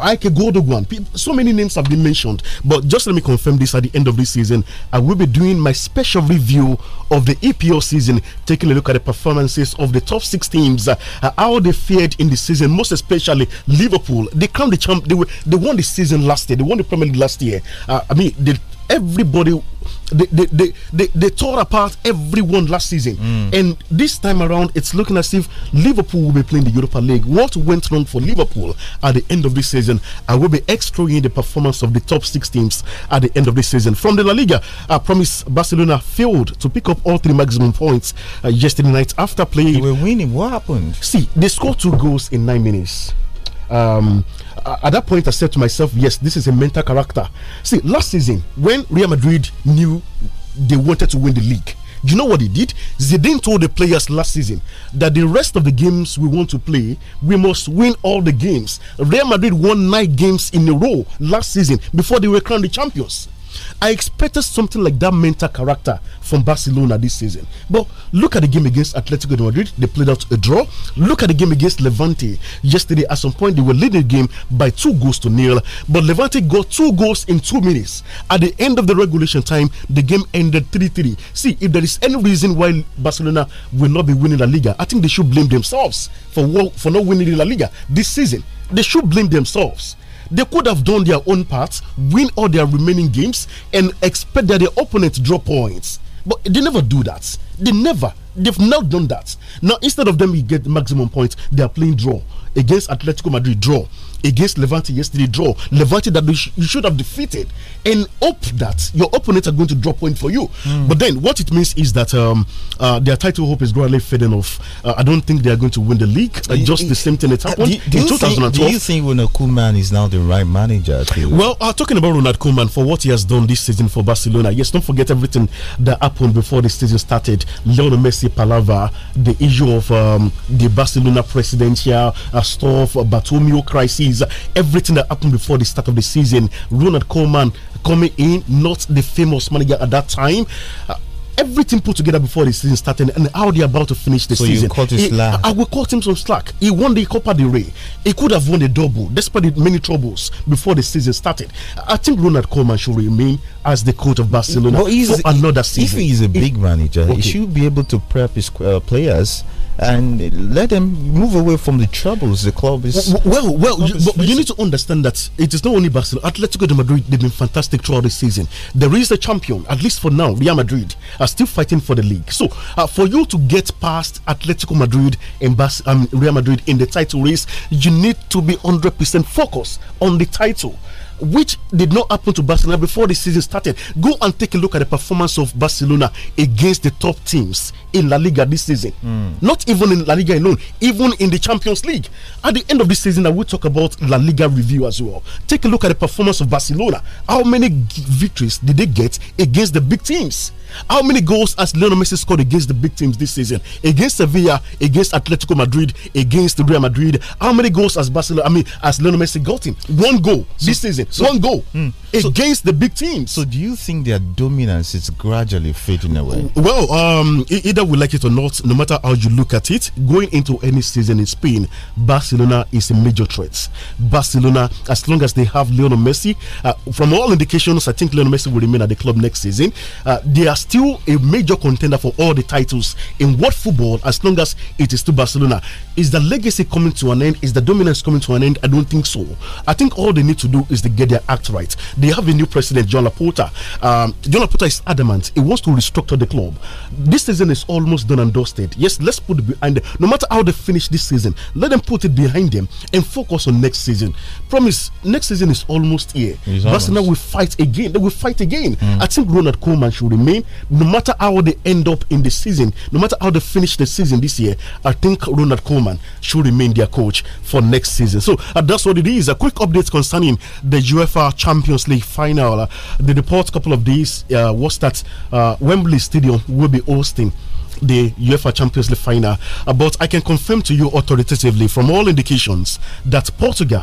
Ike Godogwan. People, so many names have been mentioned, but just let me confirm this at the end of this season. I will be doing my special review of the EPL season, taking a look at the performances of the top six teams, uh, how they fared in the season, most especially Liverpool. They crowned the champ. They, were, they won the season last year. They won the Premier League last year. Uh, I mean, they, everybody they, they, they, they, tore apart everyone last season. Mm. And this time around, it's looking as if Liverpool will be playing the Europa League. What went wrong for Liverpool at the end of this season? I will be extracting the performance of the top six teams at the end of this season. From the La Liga, I promise Barcelona failed to pick up all three maximum points uh, yesterday night after playing. They were winning. What happened? See, they scored two goals in nine minutes. Um, at that point, I said to myself, yes, this is a mental character. See, last season, when Real Madrid knew they wanted to win the league, you know what they did? Zidane told the players last season that the rest of the games we want to play, we must win all the games. Real Madrid won nine games in a row last season before they were crowned the champions. I expected something like that mental character from Barcelona this season. But look at the game against Atletico de Madrid. They played out a draw. Look at the game against Levante yesterday. At some point, they were leading the game by two goals to nil. But Levante got two goals in two minutes. At the end of the regulation time, the game ended 3 3. See, if there is any reason why Barcelona will not be winning La Liga, I think they should blame themselves for, for not winning La Liga this season. They should blame themselves they could have done their own part, win all their remaining games, and expect that the opponent draw points. But they never do that. They never. They've not done that. Now, instead of them, you get maximum points. They are playing draw against Atletico Madrid. Draw against Levante yesterday draw. Levante that you should have defeated and hope that your opponents are going to draw point for you. Mm. But then what it means is that um, uh, their title hope is gradually fading off. Uh, I don't think they are going to win the league. Uh, just the same thing that uh, happened do, do in 2012. Think, do you think Ronald Koeman is now the right manager? Well, uh, talking about Ronald Koeman for what he has done this season for Barcelona. Yes, don't forget everything that happened before the season started. Lionel Messi palava, the issue of um, the Barcelona presidential uh, stuff, Batumio crisis is everything that happened before the start of the season. Ronald Coleman coming in, not the famous manager at that time. Uh, everything put together before the season started and how they're about to finish the so season. He, I, I will cut him some slack. He won the Copa del Rey. He could have won the double despite many troubles before the season started. I think Ronald Koeman should remain as the coach of Barcelona well, for another season. If he is a big manager, okay. he should be able to prep his uh, players and let them move away from the troubles the club is. Well, well, well you, but you need to understand that it is not only Barcelona. Atletico de Madrid they've been fantastic throughout the season. There is the champion, at least for now. Real Madrid are still fighting for the league. So uh, for you to get past Atletico Madrid and Bas um, Real Madrid in the title race, you need to be hundred percent focused on the title which did not happen to Barcelona before the season started. Go and take a look at the performance of Barcelona against the top teams in La Liga this season. Mm. Not even in La Liga alone, even in the Champions League. At the end of this season, I will talk about La Liga review as well. Take a look at the performance of Barcelona. How many victories did they get against the big teams? How many goals has Lionel Messi scored against the big teams this season? Against Sevilla, against Atletico Madrid, against Real Madrid. How many goals has Barcelona? I mean, has Lionel Messi got him? One goal so, this season. So, one goal. Mm so, against the big teams. So, do you think their dominance is gradually fading away? Well, um, either we like it or not, no matter how you look at it, going into any season in Spain, Barcelona is a major threat. Barcelona, as long as they have Lionel Messi, uh, from all indications, I think Lionel Messi will remain at the club next season. Uh, they are still a major contender for all the titles in what football, as long as it is to Barcelona. Is the legacy coming to an end? Is the dominance coming to an end? I don't think so. I think all they need to do is to get their act right they have a new president, John Laporta. Um, John Laporta is adamant. He wants to restructure the club. This season is almost done and dusted. Yes, let's put it behind them. No matter how they finish this season, let them put it behind them and focus on next season. Promise, next season is almost here. Barcelona will fight again. They will fight again. Mm. I think Ronald Koeman should remain. No matter how they end up in the season, no matter how they finish the season this year, I think Ronald Koeman should remain their coach for next season. So uh, that's what it is. A quick update concerning the UEFA Champions League final. Uh, the report a couple of days uh, was that uh, Wembley Stadium will be hosting the UEFA Champions League final. Uh, but I can confirm to you authoritatively from all indications that Portugal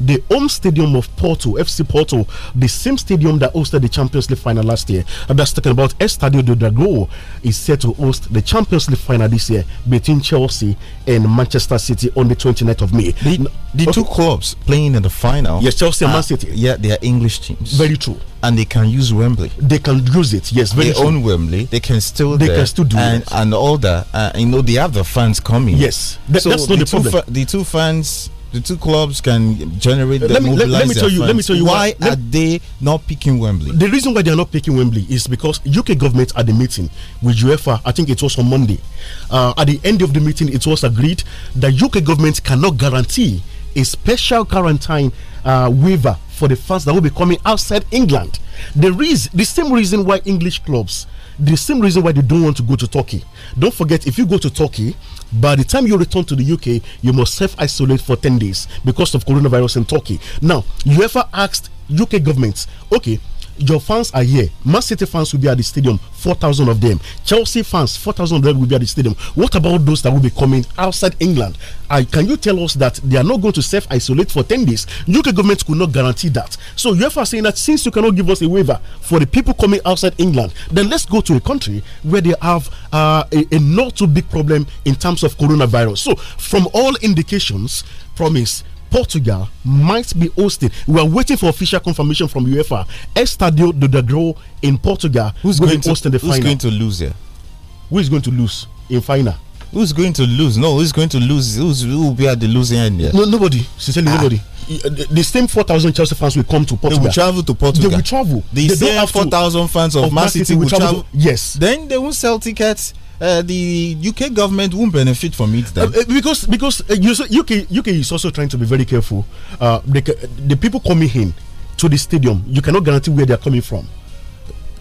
the home stadium of Porto, FC Porto, the same stadium that hosted the Champions League final last year. And that's talking about Estadio do Dragão is set to host the Champions League final this year between Chelsea and Manchester City on the 29th of May. The, the okay. two clubs playing in the final. Yes, Chelsea and Man City. Yeah, they are English teams. Very true and they can use Wembley. They can use it, yes. Very they true. own Wembley. They can still they can still do and, it and all that. Uh, you know, they have the fans coming. Yes, Th so that's not the, the problem. Two the two fans the two clubs can generate the let, me, let, let me, tell you. Funds. Let me tell you why, why are they not picking Wembley? The reason why they are not picking Wembley is because UK government at the meeting with UEFA, I think it was on Monday. Uh, at the end of the meeting, it was agreed that UK government cannot guarantee a special quarantine uh, waiver for the fans that will be coming outside England. There is the same reason why English clubs the same reason why they don't want to go to Turkey. Don't forget, if you go to Turkey, by the time you return to the UK, you must self isolate for 10 days because of coronavirus in Turkey. Now, UEFA asked UK governments, okay, your fans are here. Man City fans will be at the stadium, 4,000 of them. Chelsea fans, 4,000 of them will be at the stadium. What about those that will be coming outside England? Uh, can you tell us that they are not going to self isolate for 10 days? UK government could not guarantee that. So, UEFA are saying that since you cannot give us a waiver for the people coming outside England, then let's go to a country where they have uh, a, a not too big problem in terms of coronavirus. So, from all indications, promise Portugal might be hosting. We are waiting for official confirmation from UEFA. Estadio do Dragão in Portugal. Who's going to host in the who's final? Who's going to lose here? Who is going to lose in final? Who's going to lose? No, who's going to lose? Who's, who will be at the losing end here? No, nobody. Sincerely, ah. nobody the same 4,000 Chelsea fans will come to Portugal. They will travel to Portugal. They will travel. The they same 4,000 fans of, of Man City, City will travel. travel. yes. Then they won't sell tickets uh, the UK government won't benefit from it then. Uh, uh because because UK uh, UK is also trying to be very careful. the, the people coming in to the stadium, you cannot guarantee where they are coming from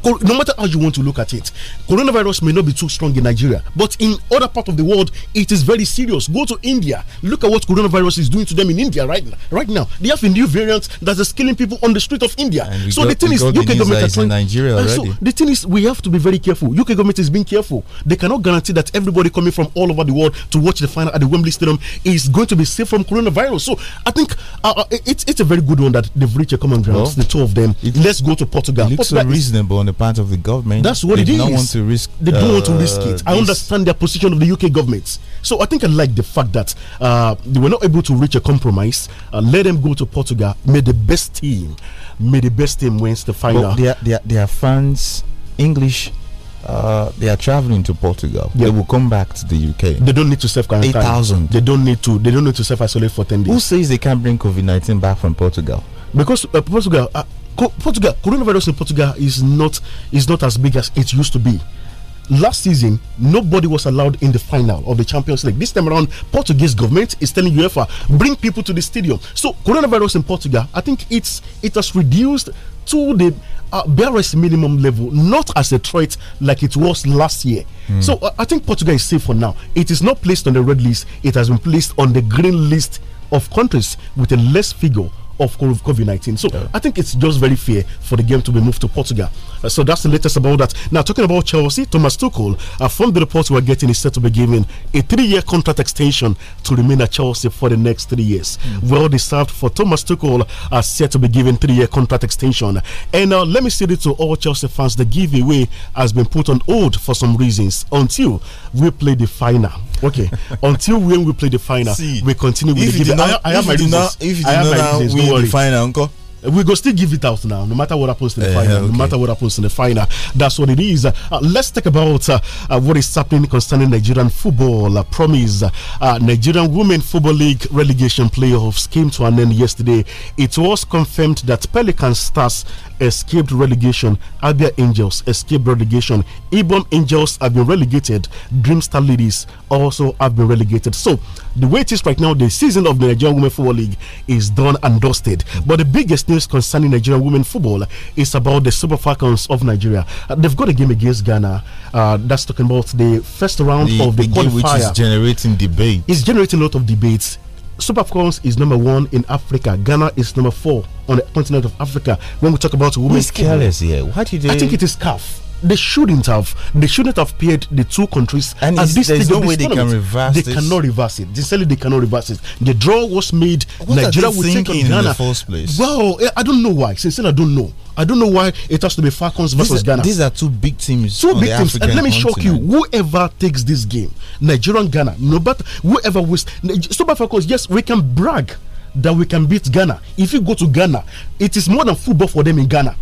no matter how you want to look at it, coronavirus may not be too strong in Nigeria, but in other parts of the world, it is very serious. Go to India, look at what coronavirus is doing to them in India right now. Right now, they have a new variant that is killing people on the street of India. So got, the thing is, UK the government is in Nigeria already. So the thing is, we have to be very careful. UK government is being careful. They cannot guarantee that everybody coming from all over the world to watch the final at the Wembley Stadium is going to be safe from coronavirus. So I think uh, uh it's it's a very good one that they've reached a common ground. Well, the two of them. Let's go to Portugal. It looks Portugal so reasonable the part of the government. That's what they do not want to risk. They don't uh, want to risk it. I understand their position of the UK government. So I think I like the fact that uh, they were not able to reach a compromise. Uh, let them go to Portugal. Made the best team, Made the best team wins the final. their, their, their fans, English uh, they are traveling to Portugal. Yeah. They will come back to the UK. They don't need to self quarantine. Eight thousand. They don't need to. They don't need to self isolate for ten days. Who says they can't bring COVID nineteen back from Portugal? Because uh, Portugal, uh, Portugal, coronavirus in Portugal is not is not as big as it used to be. Last season, nobody was allowed in the final of the Champions League. This time around, Portuguese government is telling UEFA bring people to the stadium. So coronavirus in Portugal, I think it's it has reduced to the uh, barest minimum level, not as a threat like it was last year. Mm. So uh, I think Portugal is safe for now. It is not placed on the red list, it has been placed on the green list of countries with a less figure of COVID 19. So yeah. I think it's just very fair for the game to be moved to Portugal. Uh, so that's the latest about that. Now, talking about Chelsea, Thomas Tuchel, uh, from the reports we're getting, is said to be given a three year contract extension to remain at Chelsea for the next three years. Mm -hmm. Well deserved for Thomas Tuchel, are uh, said to be given three year contract extension. And uh, let me say this to all Chelsea fans the giveaway has been put on hold for some reasons until we play the final. Okay, until when we play the final, See, we continue with the giveaway. I, I, have my reasons. Not, if you I have my reasons don't The final, uncle. We go still give it out now, no matter what happens in the uh, final. Okay. No matter what happens in the final, that's what it is. Uh, let's talk about uh, uh what is happening concerning Nigerian football. Uh, promise uh, uh, Nigerian Women Football League relegation playoffs came to an end yesterday. It was confirmed that Pelican Stars escaped relegation. Abia Angels escaped relegation. Ibom Angels have been relegated. Dreamstar Ladies also have been relegated. So the way it is right now, the season of the Nigerian Women Football League is done and dusted. But the biggest news concerning Nigerian women football is about the Super Falcons of Nigeria. Uh, they've got a game against Ghana. Uh, that's talking about the first round the, of the, the qualifier. which is generating debate. It's generating a lot of debates Super is number one in Africa. Ghana is number four on the continent of Africa. When we talk about women's careless, yeah. What do I think it is calf. They shouldn't have. They shouldn't have paired the two countries. And at this there's no way they can reverse They this. cannot reverse it. Sincerely, they cannot reverse it. The draw was made. What Nigeria would take on Ghana. In the first place? Well, eh, I don't know why. Sincerely, I don't know. I don't know why it has to be Falcons versus these are, Ghana. These are two big teams. Two big teams. And let me shock you. Whoever takes this game, Nigeria and Ghana, no but whoever wins, Super Falcons, yes, we can brag that we can beat Ghana. If you go to Ghana, it is more than football for them in Ghana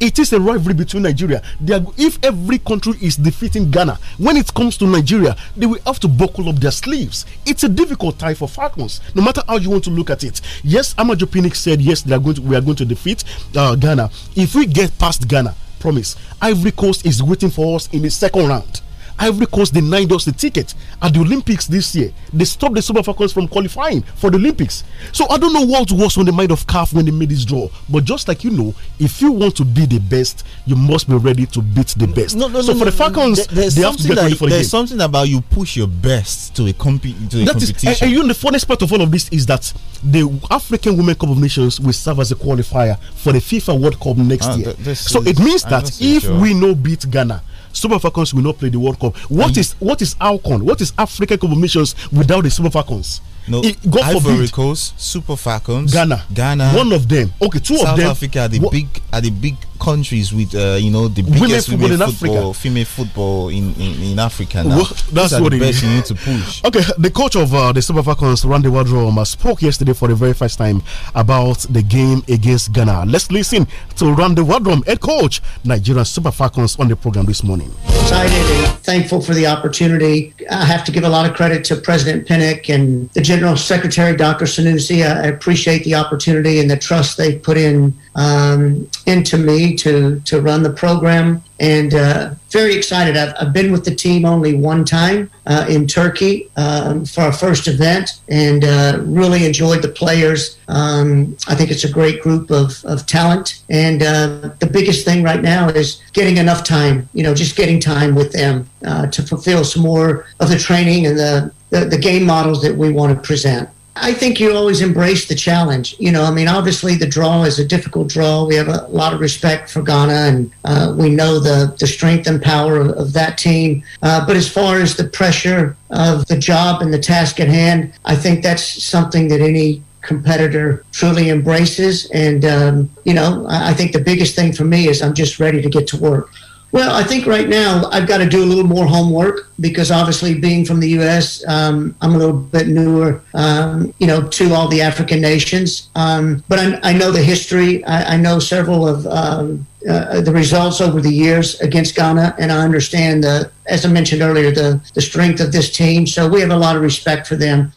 it is a rivalry between Nigeria. Are, if every country is defeating Ghana, when it comes to Nigeria, they will have to buckle up their sleeves. It's a difficult tie for Falcons, no matter how you want to look at it. Yes, Amadio Pinnick said, yes, are to, we are going to defeat uh, Ghana. If we get past Ghana, promise, Ivory Coast is waiting for us in the second round. Ivory Coast denied us the ticket at the Olympics this year. They stopped the Super Falcons from qualifying for the Olympics. So I don't know what was on the mind of CAF when they made this draw. But just like you know, if you want to be the best, you must be ready to beat the best. No, no, so no, for the Falcons, there, they have to get ready for the There's game. something about you push your best to a, compi to a that eh, competition. Is, and, and you know, the funniest part of all of this is that the African Women Cup of Nations will serve as a qualifier for the FIFA World Cup next ah, year. so is, it means that if sure. we no beat Ghana, Super Falcons will not play the World Cup. What is what is Alcon? What is African Cup Missions without the Super Falcons? No, it, God Ivory forbid. Coast, Super Falcons, Ghana, Ghana, one of them. Okay, two South of them. South Africa are the what? big are the big countries with uh, you know the biggest women football, women football female football in in, in Africa now. Well, that's what the best you need to push. Okay, the coach of uh, the Super Falcons, Randy Wardrum, spoke yesterday for the very first time about the game against Ghana. Let's listen to Randy Wardrom, head coach, Nigerian Super Falcons, on the program this morning excited and thankful for the opportunity. I have to give a lot of credit to President Pinnock and the General Secretary, Dr. Sanusi. I appreciate the opportunity and the trust they put in um, into me to, to run the program and uh, very excited. I've, I've, been with the team only one time uh, in Turkey um, for our first event and uh, really enjoyed the players. Um, I think it's a great group of, of talent. And uh, the biggest thing right now is getting enough time, you know, just getting time with them uh, to fulfill some more of the training and the, the, the game models that we want to present. I think you always embrace the challenge. You know, I mean, obviously the draw is a difficult draw. We have a lot of respect for Ghana, and uh, we know the the strength and power of, of that team. Uh, but as far as the pressure of the job and the task at hand, I think that's something that any competitor truly embraces. And um, you know, I, I think the biggest thing for me is I'm just ready to get to work. Well, I think right now I've got to do a little more homework because obviously being from the U.S., um, I'm a little bit newer, um, you know, to all the African nations. Um, but I'm, i know the history. I, I know several of um, uh, the results over the years against Ghana, and I understand the, as I mentioned earlier, the the strength of this team. So we have a lot of respect for them.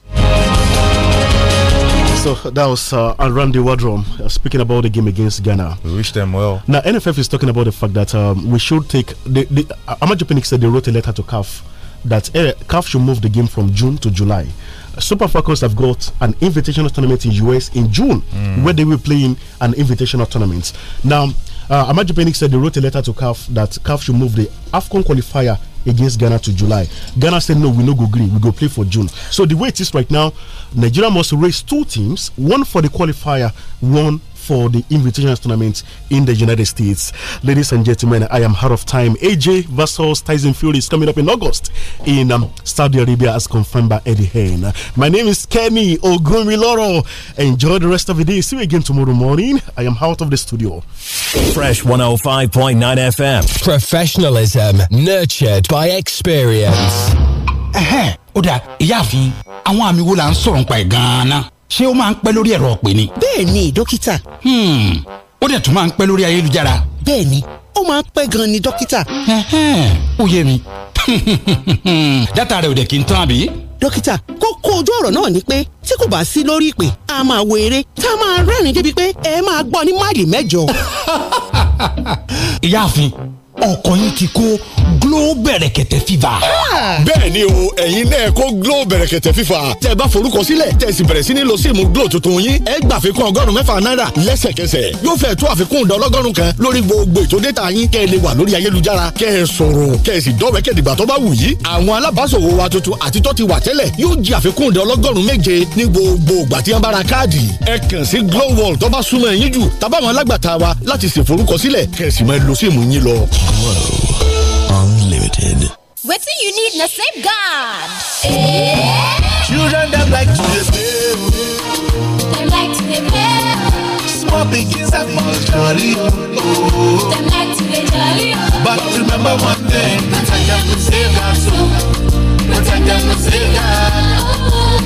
So that was uh, Randy Wardrum uh, speaking about the game against Ghana. We wish them well. Now, NFF is talking about the fact that um, we should take. The, the, uh, said they wrote a letter to CAF that uh, CAF should move the game from June to July. Super Falcons have got an invitational tournament in US in June, mm. where they will play in an invitational tournament. Now, uh, said they wrote a letter to CAF that CAF should move the AFCON qualifier against Ghana to July. Ghana said no, we no go green, we go play for June. So the way it is right now, Nigeria must raise two teams, one for the qualifier, one for the Invitations Tournament in the United States. Ladies and gentlemen, I am out of time. AJ versus Tyson Fury is coming up in August in um, Saudi Arabia as confirmed by Eddie Hearn. My name is Kenny Ogunmiloro. Enjoy the rest of the day. See you again tomorrow morning. I am out of the studio. Fresh 105.9 FM. Professionalism nurtured by experience. Ẹ̀hẹ́, ó dà, ìyáàfin, àwọn àmì wo là ń sọ̀rọ̀ pa ẹ̀ gan-an ṣé ó máa ń pẹ́ lórí ẹ̀rọ ọ̀pẹ ni. bẹ́ẹ̀ni dókítà. Hmm. ó dẹ̀ tún máa ń pẹ́ lórí ayélujára. bẹ́ẹ̀ni ó máa ń pẹ́ gan ni dókítà. ó yé mi dátà rẹ̀ ò dẹ̀ kí n tán àbí. dókítà kókó ojú ọ̀rọ̀ náà ni pé tí kò bá sí lórí ìpè a máa wo eré tá a máa rẹ́rìn-ín débi pé ẹ máa gbọ́ ní máìlì mẹ́jọ. ìyáàfin ọkọ yín ti kó glow bẹ̀rẹ̀kẹ̀tẹ̀ fífa. Ah! bẹ́ẹ̀ni o ẹ̀yin náà kó glow bẹ̀rẹ̀kẹ̀tẹ̀ fífa tẹ́ bá forúkọ sílẹ̀ tẹ́ sì bẹ̀rẹ̀ sí ní lo síìmù glow tuntun yín ẹ gbà àfikún ọgọ́rùn mẹ́fà náírà lẹ́sẹ̀kẹsẹ̀ yóò fẹ́ tó àfikún ìdá ọlọ́gọ́rùn kan lórí gbogbo ètò déta yín kẹ́ ẹ lè wà lórí ayélujára kẹ́ ẹ sọ̀rọ̀ kẹ́ ẹ sì dọ́wẹ́kẹ̀ dìgbà tó bá wù yí àwọn alábàáṣòwò wa tuntun àti tó ti wà tẹ́lẹ̀ yóò jẹ àfikún ìdá ọlọ́gọ́rùn méje ní gbogbo Limited. do you need na safeguard. Children that like to dey play. they like to dey play. Small pikin sef must jolly oh. Dem like to dey jolly But remember one thing, protect dem with safeguard so. Protect dem with safeguard.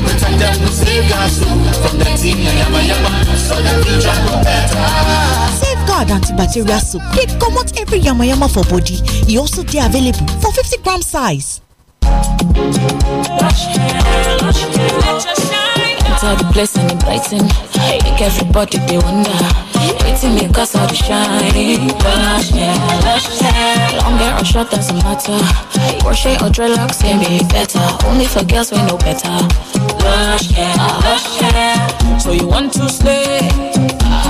Protect dem with safeguard so. From dirty yamayama, so dem future go better guard antibacterial soap dey comot every yamayama for body e also they available for fifty gram size. Lush the place and it brighten Make everybody they wonder in me cause all the shine Lush hair, lush hair Long hair or short doesn't matter Crochet or dreadlocks can be better Only for girls we know better Lush hair, lush hair So you want to slay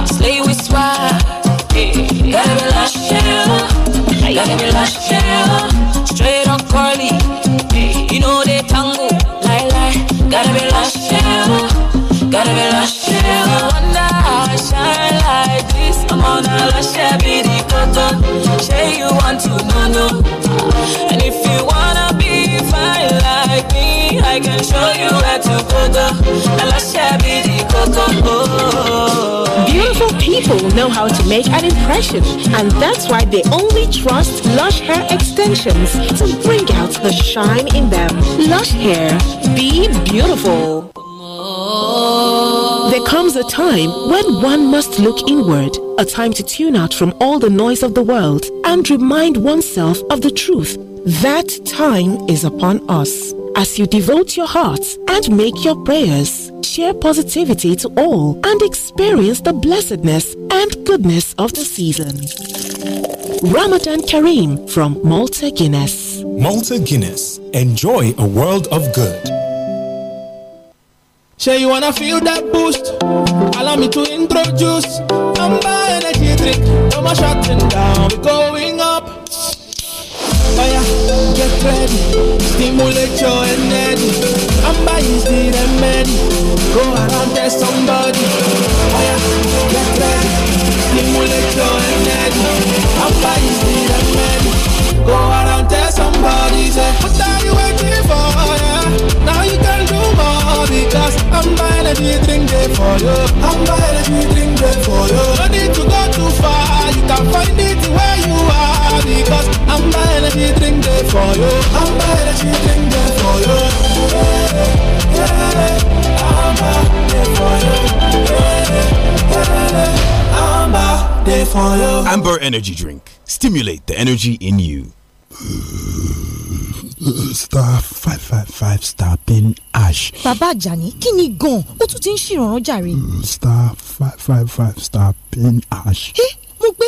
Slay with swag Gotta be you, let me last you. Straight on curly, you know they tango. gotta be last gotta be last you. Wonder I shine like this. I'm on a lush be the cotton. Say you want to know and if you wanna be fine like me, I can show you where to go. Go, a be the coco. Oh people know how to make an impression, and that's why they only trust Lush Hair Extensions to bring out the shine in them. Lush Hair, be beautiful. There comes a time when one must look inward, a time to tune out from all the noise of the world and remind oneself of the truth. That time is upon us as you devote your hearts and make your prayers. Share positivity to all and experience the blessedness and goodness of the season. Ramadan Kareem from Malta Guinness. Malta Guinness. Enjoy a world of good. Say you wanna feel that boost? Allow me to introduce Amber Energy Drink. No more shutting down, we are going up. Fire, get ready, stimulate your energy. Amber is the remedy. Go around there, somebody. Fire, get ready, stimulate your energy. Amber is the remedy. Go around there, somebody. Say, what are you waiting for? Yeah? Now you can do more because Amber energy drink there for you. Amber energy drink there for you. No need to go too far. You can find it where you are because I'm my energy drink there for you. I'm my energy drink there for you. Yeah, yeah, I'm there for you. Yeah, yeah, I'm there for you. Amber Energy Drink. Stimulate the energy in you. star five five five star pin ash. bàbá àjàní kí ni gan-an ó tún ti ń ṣèrànràn jàre. star five five five star pin ash. ẹ eh, mo gbé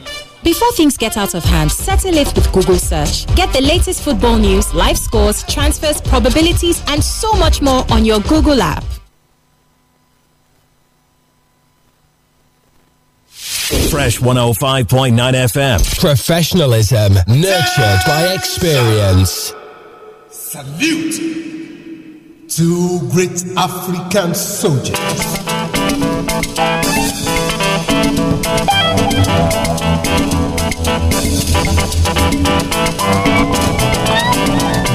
Before things get out of hand, settle it with Google search. Get the latest football news, live scores, transfers, probabilities, and so much more on your Google app. Fresh 105.9 FM. Professionalism nurtured by experience. Salute to great African soldiers.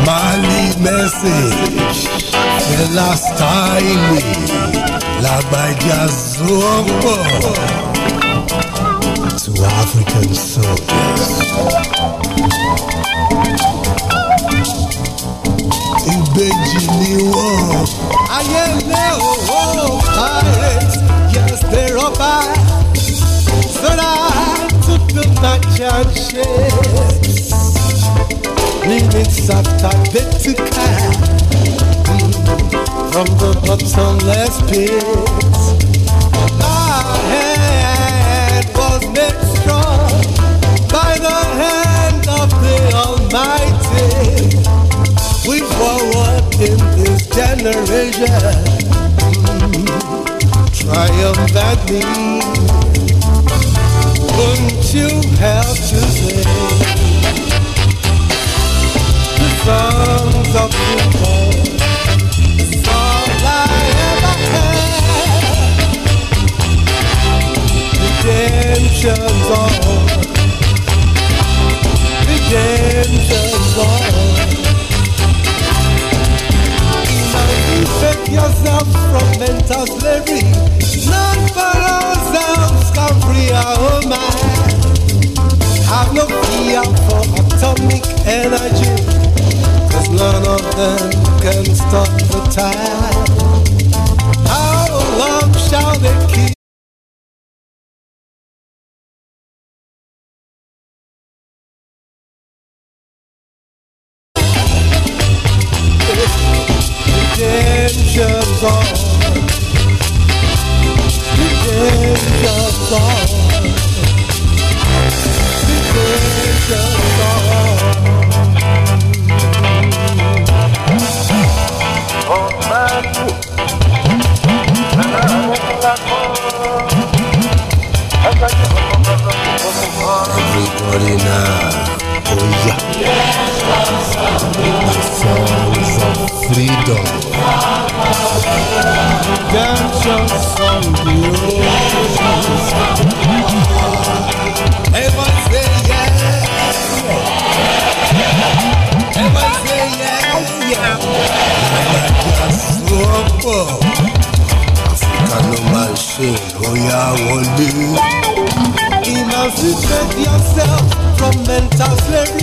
Mali message, the last time la Baja Zombo to African soldiers. Ibeji ni wọ́n. Ayé lé owó pirates, yes, they're all back. Sọ́dá nachanshe Nimitsafta betuka From the bottomless pit My hand was made strong By the hand of the Almighty We in this generation Triumph at me wouldn't you have to say the songs of the home? all I ever had. Redemption's on. Redemption's on. Now you set yourself from mental slavery. None Oh Have no fear for atomic energy, none of them can stop the time. How long shall they keep? pọ̀ áfíríkà ló máa ń ṣe ìròyà wọlé. You must respect yourself from mental slavery.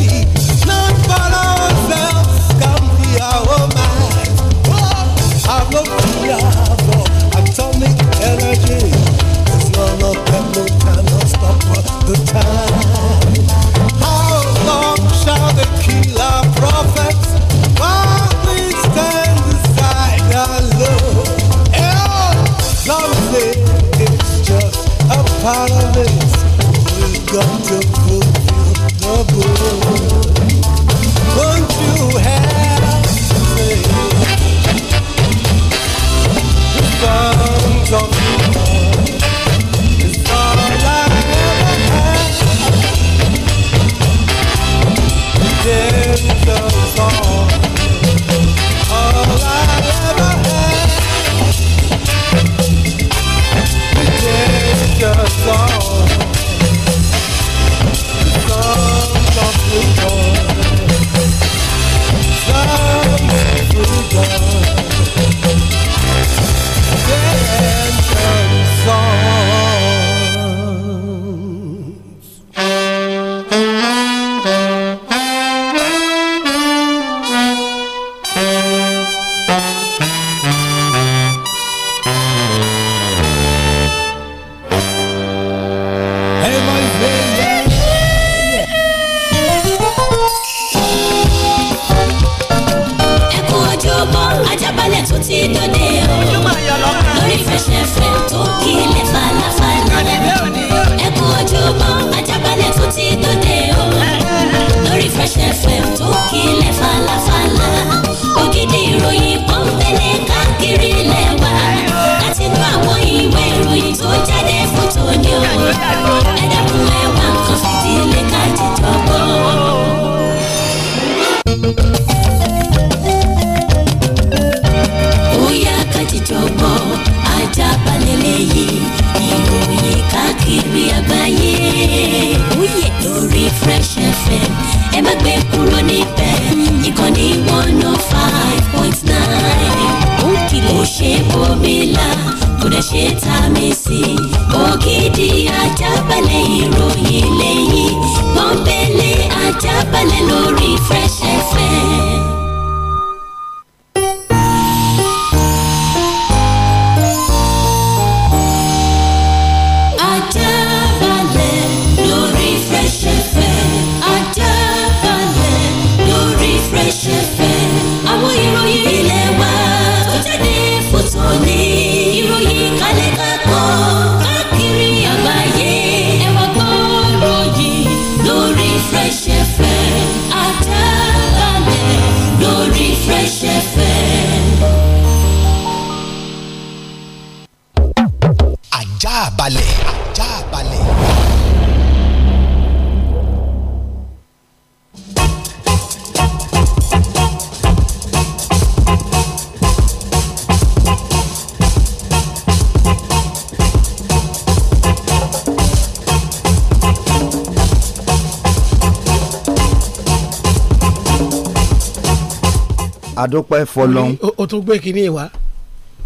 àdópẹ́ fọlọ́n. o tún gbé kínní wa.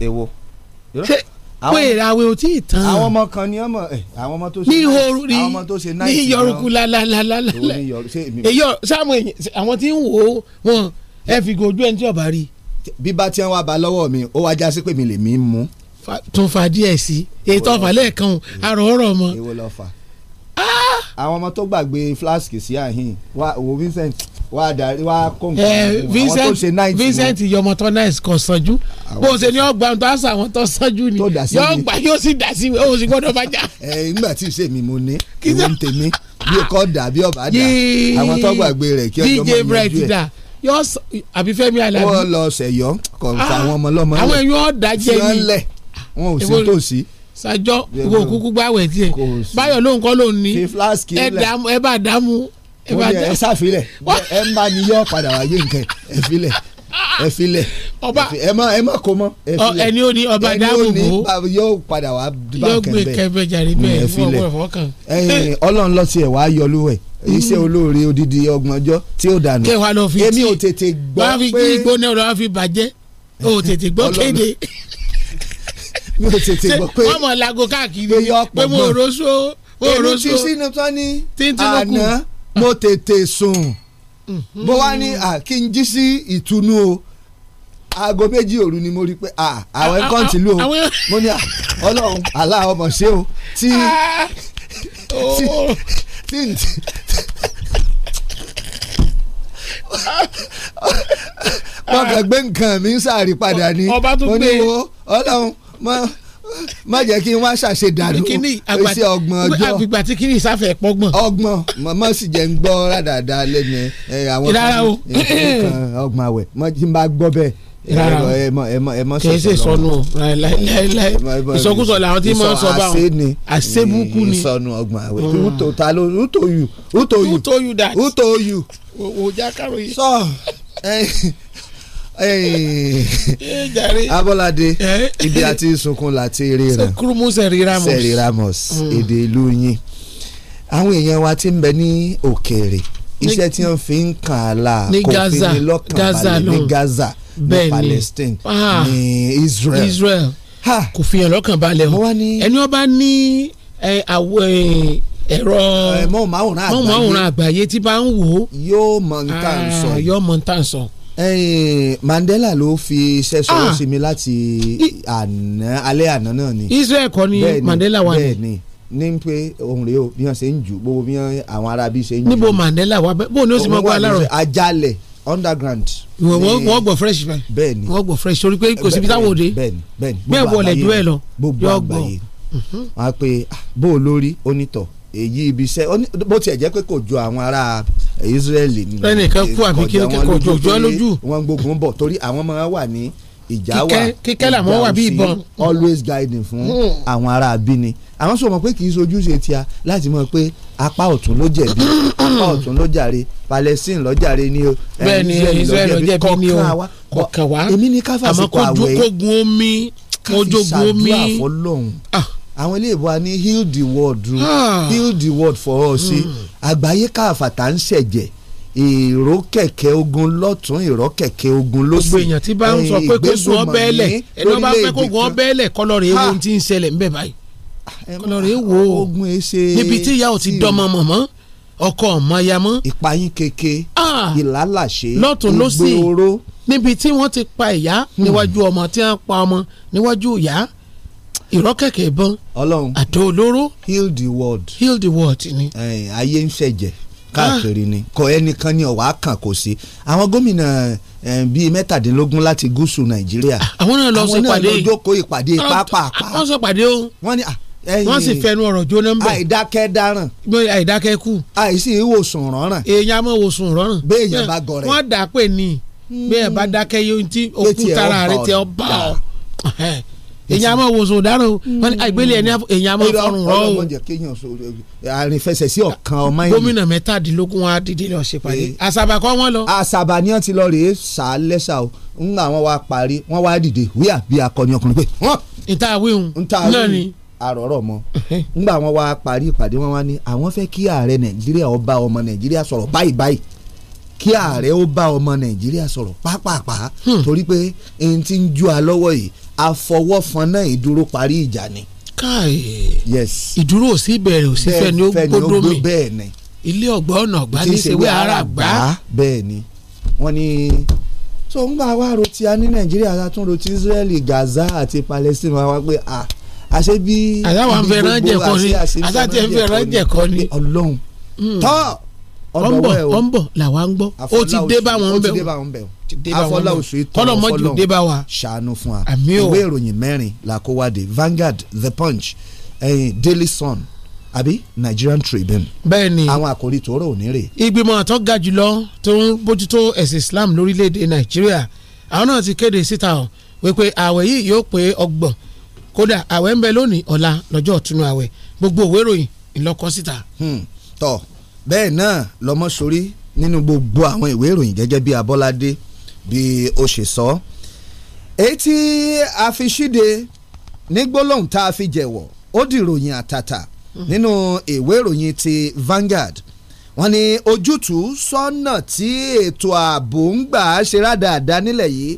èwo. ṣé pé àwẹ̀ ò tí ì tán. àwọn ọmọ kan ni ọmọ ẹ eh, àwọn ọmọ tó ṣe ní ìhòòrò ní àwọn ọmọ tó ṣe náà ní yọrùkú lálálálá. èyí sáàmù èyí àwọn tí ń wò ó wọn ẹ fi gojú ẹni tí ọba rí. bí bá tiẹ̀ wá ba lọ́wọ́ mi ó wá já sí pé mi lè mí mú. tó fa díẹ̀ sí ètò ọ̀fà lẹ́ẹ̀kan àròọ́rọ̀ mọ́. èwo lọ fà. Ah! àwọn ọmọ tó gbàgbé flask sí àhín wa wo Vincent wà á darí wà á kó nǹkan àwọn tó ṣe náìtì wọn. Vincent yọmọtọ náìsì kan sanju bó ṣe ní ọgbà tó àṣà àwọn tó sanju ni yóò gbà yóò sì dà sí òun sì gbọ́dọ̀ bá jà. ẹ eh, nígbà tí ìṣe mi mo ní ìwé ń tèmi bí kò dà bí ọba dà àwọn tó gbàgbé rẹ kí ọjọ́ mọ̀ ní ojú ẹ̀ yọ àbí Fẹ́mi Alábí. wọ́n lọ sẹ̀yọ́ kọ̀ọ̀kan ah, àwọn ọmọ ọlọ́mọ rẹ̀ àwọn èèyàn ọ̀dà jẹ́ yìí wọn ò sí tòsí ṣàjọ wo kúkú gbàwẹ̀ tiẹ̀ báyọ̀ lóun kọ́ lóun ní ẹ bá dààmú ìbàjẹ́ ẹ sáfilẹ̀ ẹ má ni yọ padà wá gbé nǹkan ẹ filẹ̀ ẹ filẹ̀ ẹ má ẹ má kó mọ́ ẹ filẹ̀ ẹni ó ní ọba dáàbòbò yọ padà wá bá kẹ̀mbẹ́ mm, ẹ filẹ̀ eh. ọlọ́run lọ sí ẹ̀ wá yọ lúwẹ̀ iṣẹ́ olóore odidi ọgbọ̀njọ́ tí ó dànù èmi ò tètè gbọ́ pé bá fi gbígbó náà lọ́wọ́ fi bàjẹ́ ò tètè gbọ́ kéde mi ò tètè gbọ́ pé wọ́n mọ̀ lago káàkiri pé mo rọ́ṣọ́ mo rọ́ṣọ́ títí ló kù àná mo tètè sùn bó mhm. wá ní kí n jí sí ìtùnú o aago méjì òru ni mo rí pé àwọn ẹ̀kọ́ ah, ah, ti ah, lù ó mo ní ọlọ́run àlá ọmọ ṣé o tí tí oh. tí wọn kàn gbé nǹkan mi ń sáré padà ní mo ní wo ọlọ́run mo má jẹ́ kí n wá ṣàṣedànù iṣẹ́ ọgbọ̀n ọjọ́ àgbègbè àti kiri ìsáfẹ́ pọ́gbọ̀n. ọgbọ̀n mọ̀mọ́ sì jẹ́ ń gbọ́ rádàdà lẹ́nu ẹ̀ àwọn ọgbọ̀n àwẹ̀ mọ̀ tí n bá gbọ́ bẹ́ẹ̀ rárá o kì í ṣe sọnù o láìláìláì ìsọkúsọ làwọn tí máa ń sọ báwọn àṣebùkù ni ìsọnù ọgbọ̀n àwẹ̀ mm. wútò ta ló wútò yù wútò yù wútò yù. òjà kàròyìn. sọ Abọ́ládé eh? ibi àti sunkún láti ríran sẹ̀ríramos hmm. èdè ìlú yín àwọn èèyàn wa ti ń bẹ ní òkèèrè iṣẹ́ tí wọ́n fi ń kàn án la kò fi ní lọ́kàn balẹ̀ Gaza ní Palestine ah. ní Israel. Israel kò fi hàn lọ́kàn balẹ̀ o ẹni wọ́n bá ní ẹ̀rọ mọ̀ọ́máwòrán àgbáyé tí bá ń wò ó yóò mọ̀ ah, sọ. Mandela ló fi iṣẹ́ sọ̀rọ̀ ah. sí mi láti àná alẹ́ àná náà ni. Israel kọ́ ni Mandela wà ní. bẹ́ẹ̀ni ní pé ohun rèé o bí wọn ṣe ń jù gbogbo bí àwọn arábí ṣe ń jù. níbo Mandela wa bó ni ó sì máa gbọ́ alárò. ajalẹ̀ underground. wọ́n gbọ́ fresh bẹ́ẹ̀. bẹ́ẹ̀ni wọ́n gbọ́ fresh torí pé kò síbi táwọn òde. bẹ́ẹ̀ni bẹ́ẹ̀ni gbogbo àgbáyé gbogbo àgbáyé lọ gbogbo àgbáyé wọn á pe ah, bó o lórí onítọ̀ èyí ibi iṣẹ́ bó tiẹ̀ jẹ́ pé Israeli ni ẹnìkan kú àbí kí ojú ojú ọlójú wọn gbógun bọ̀ torí àwọn ọmọ wà ní ìjà wà kíkẹ́ làwọn wà bí ìbọn always guiding fún hmm. àwọn ará abíni àwọn sọ mọ̀ pé kì í sojú ṣe tíya láti mọ̀ pé apá ọ̀tún ló jẹ̀bi apá ọ̀tún ló jàre Palestine ló jàre ni o bẹ́ẹ̀ni Israel ló jẹ̀bi ni wa. kọkàn wa èmi ní káfàsì kọ àwẹ̀ àmọ́ kó jogun omi kó jogun omi káfíńsàdúrà fọlọ́hún ah àwọn ilé ìbọn ní heal the world ru hmm. heal the world for us sí hmm. àgbáyé káfàtà ń ṣẹ̀jẹ̀ ìró kẹ̀kẹ́ ogun lọ́tún ìró kẹ̀kẹ́ ogun lósì. gbogbo èèyàn tí bá ń sọ pé kó gun ọbẹ̀ lẹ̀ ẹni wọ́n bá fẹ́ kó gun ọbẹ̀ lẹ̀ kọlọ́rì ewu ti ń ṣẹlẹ̀ ńbẹ̀ báyìí ah, kọlọ́rì ewu níbi tí ìyá ò ti dọ́mọ mọ̀mọ́ ọkọ ọmọyamọ. ìpayín keke ah! ìlálàṣe ìgbòòrò. níbi tí wọ́n ti pa ìyá hmm. níwájú ọmọ tí wọ́n pa ọmọ níwájú ìyá ìrọ́kẹ̀kẹ̀ ìbọn àdó olóró heal the world heal the world ni. ayé ń ṣẹ̀jẹ̀ káàkiri ah. ni kò ẹnìkan ni ọ̀wá kàn kò sí àwọn gómìnà bíi mẹ́tàdínlógún láti gúúsù nàìjíríà ah, àwọn náà lọ sí ìpàdé àwọn náà lọ jókòó ìpàdé ah, pàápàá wọ́n sọ ìpàdé o wọ́n ní wọ́n sì fẹnu ọ̀rọ̀ jóná ń bẹ̀. àìdákẹ́ dáràn. àìdákẹ́ kù. àìsí ìwòsàn rọrùn. èèyàn mọ̀ wòsàn rọrùn. béèyàn bá gọrẹ. wọ́n dà pé ní bẹ́ẹ̀ bá dákẹ́ yóò ti òkú tara rẹ̀ tẹ́ ọ bá ọ èyàn àmọ́ wo sòdáràn o mm. wọ́n ní àgbélé ẹni èyàn àmọ́ fọ́rùn rọ́ o. ọlọmọdé kéèyàn so eh, àrìnfẹsẹ̀ sí ọ̀kan ọmọ yẹn. gómìnà mẹ́tàdínlógún wa dìde lọ ṣèpàdé eh. àṣàbà kọ́ wọ́n lọ. àṣàbà ni wọ́n ti lọ rèé sàálẹ́sà o ńgbà wọn wá parí wọn wá dìde wíyà bí akọni ọkùnrin pé. ìta àwíhun náà ni àròrọ̀ mọ́ ńgbà wọn wá parí ìpàdé wọn wá ní àwọn fẹ́ kí ààrẹ nàìjíríà ó ọmọ nàìjíríà sọ̀rọ̀ báyìí kí ààrẹ ó bá ọmọ nàìjíríà sọ̀rọ̀ pápápá hmm. torí pé ẹni tí ń ju alọ́wọ́ yìí àfọwọ́fọnná ìdúró parí ìjà ni. káì yes ìdúró ò sí bẹ̀rẹ̀ ò sí fẹ́ ni ó gbódó mi bẹ́ẹ̀ ni ilé ọ̀gbọ́ ọ̀nà ọ̀gbá ní ìṣèwé ara gbá. bẹ́ẹ̀ ni wọ́n ní tó ń gbà wá roti a ní nàìjíríà a tún roti israeli gaza àti palestine wá wá pé à àṣẹ bí. àtàwọn afẹ́ràn jẹ̀kọ́ ni àtàtì afẹ́ràn jẹ̀kọ́ ni. ọlọ́run hmm. tọ́ ọ̀nbọ̀ ọ̀nbọ̀ làwa ń gbọ́ ó ti dé bá wọn bẹ̀ afọláwùsù ètò ọ̀fọlọ́hún ṣàánú fún wa ìwé ìròyìn mẹ́rin làkówádé Vanguard The Punch eh, Daily Sun àbí Nigerian Tribune. bẹ́ẹ̀ni àwọn àkòrí tòró òní rè. ìgbìmọ̀ tó ga jùlọ tó ń bójútó ẹ̀sìn Islam lórílẹ̀‐èdè Nàìjíríà àwọn náà ti kéde síta ọ̀ wípé ààwẹ̀ yìí yóò pé ọgbọ̀n kódà ààwẹ̀ ń bẹ lónìí ọ̀la lọ́jọ́ ọ̀túnú ààwẹ̀ gbogbo òwe ìròyìn ńlọkọ síta. Hmm. tọ́ bẹ́ẹ̀ náà lọ́mọ sórí nínú gbogbo àwọn ìwé ìròyìn gẹ́gẹ́ bí Abọ́ládé bí ó ṣe sọ. èyí tí a fi ṣíde ní gbólóhùn tá a fi jẹ̀wọ̀ ó di ìròyìn àtàtà nínú ìwé ìròyìn ti Vanguard wọ́n ní ojútùú sọ́nà tí ètò ààbò ń gbà á ṣe rádaràda nílẹ̀ yìí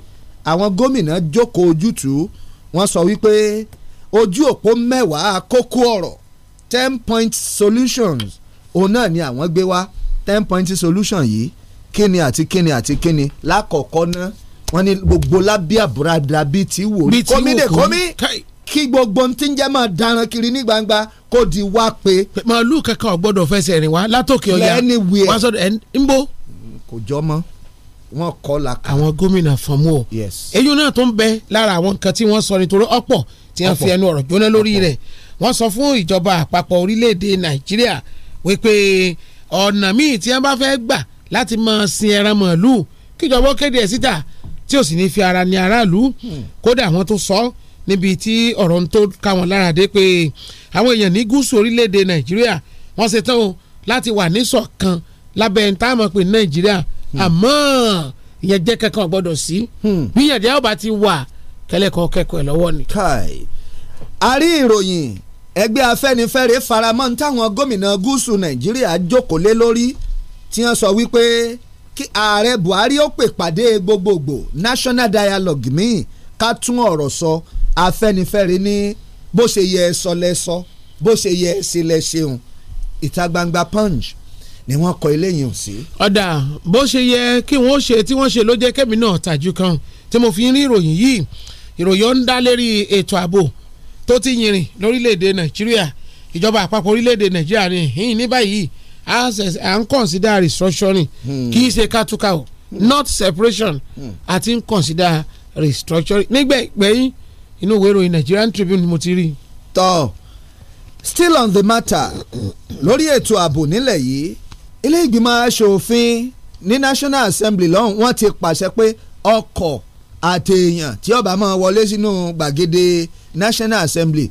àwọn gómìnà jókòó ojútùú wọ́n sọ wípé ojú òpó mẹ́wàá kókó ọ̀rọ̀ ten point solutions òun náà ni àwọn gbé wá ten point solution yìí kíni àti kíni àti kíni lákọ̀ọ́kọ́ ná wọ́n ní gbogbo lábẹ́ àbúradà bíi ti wò rí kómi dè kómi kí gbogbo ti ń jẹ́ máa daran kiri ní gbangba kó di wá pé. màálù kankan ò gbọ́dọ̀ fẹsẹ̀ rìn wá látòkè ọ̀yà lẹ́ni wíẹ̀ wọ́n kò jọ mọ́ wọn kọ́ la kan. àwọn gómìnà fọmú o. yes. eyín náà tó ń bẹ lára àwọn nǹkan tí wọ́n sọ nítorí ọ̀pọ̀ tí wọ́n fi ẹnu ọ̀rọ̀ jóná lórí rẹ̀ wọ́n sọ fún ìjọba àpapọ̀ orílẹ̀-èdè nàìjíríà wípé ọ̀nà míì tí wọ́n bá fẹ́ gbà láti máa sin ẹran màálù kíjọba kéde ẹ̀ síta tí ò sì ní fi ara ní aráàlú hmm. kódà wọ́n tó sọ níbi tí ọ̀rọ̀ ń tó ká wọn lára dé pé àwọn èèyàn ní gúúsù orílẹ̀-èdè nàìjíríà wọ́n ṣe tán o láti wà ní ṣọ̀kan lábẹ́ táwọn pè ní nàìjíríà hmm. àmọ́ ìyẹn jẹ́ kankan gbọ́dọ̀ sí hmm. bí ìyẹn jẹ́ ọba ti wà kẹlẹ́kọ̀ọ́ ẹ̀ lọ́wọ́ ni. a rí ìròyìn ẹgbẹ́ afẹ́nifẹ́re faramọ́ ní táwọn gómìnà gúúsù nàìjíríà jókòólé lórí tí wọ́n sọ wípé kí ààrẹ buhari ó pè pàdé gbogbogbò national dialogue mi ká tún ọ̀rọ̀ sọ afẹ́nifẹ́re ní bó ṣe yẹ ẹ sọ lẹ́sọ bó ṣe yẹ ẹ sí lẹ́ṣẹ̀hùn ìta gbangba punch ni wọ́n kọ eléyìí hàn sí. ọ̀dà bó ṣe yẹ kí wọ́n ṣe tí wọ́n ṣe ló jẹ́ kẹ́mi náà tàjú kan tí mo fi ń rí ìròyìn yìí ìròyìn ó ń dá lérí ètò ààbò tó ti yìnrìn lórílẹ̀‐èdè nàìjíríà ìjọba àpapọ̀ orílẹ̀‐èdè nàìjíríà ni ìhìn ní báyìí à ń consider restructuring hmm. kì í ṣe kátúkà o hmm. not separation àti hmm. ń consider restructuring nígbẹ̀gbẹ̀yìn inú ìwé ìròyìn Nigerian Tribune mo ti rí tọ́ still on the matter lórí ètò ààbò nílẹ̀ yìí ilé ìgbìmọ̀ asòfin ní National Assembly lọ́hùn wọ́n ti pàṣẹ pé ọkọ̀ àtẹ̀yàn tí ọba máa wọlé sínú gbàgede National Assembly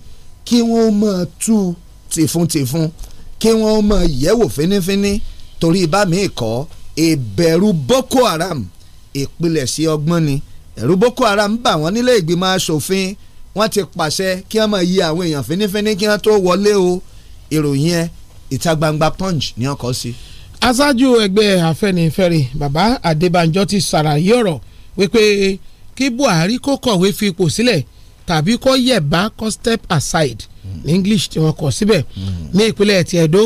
kí wọ́n máa tú tìfun-tìfun kí wọ́n máa yẹ̀wò fínífíní torí bá mi kọ́ ìbẹ̀rù Boko Haram ìpilẹ̀sí ọgbọ́n ni ẹ̀rù Boko Haram bà wọ́n nílé ìgbìmọ̀ asòfin wọ́n ti pàṣẹ kí wọ́n máa yí àwọn èèyàn fínífíní kí wọ́n tó wọlé o ìròyìn ẹ̀ ìta gbangba punch ni wọ́n kọ sí. aṣáájú ẹgbẹ́ Afẹ́nifẹ́re bàbá Adébánjọ ti ṣàlàyé ọ̀rọ̀ wípé kí Buhari kó kọ̀wé fi ipò sílẹ̀ tàbí kó yẹ̀bá kó step aside ní English tí wọ́n kọ̀ síbẹ̀ hmm. ní ìpínlẹ̀ ti Ẹdó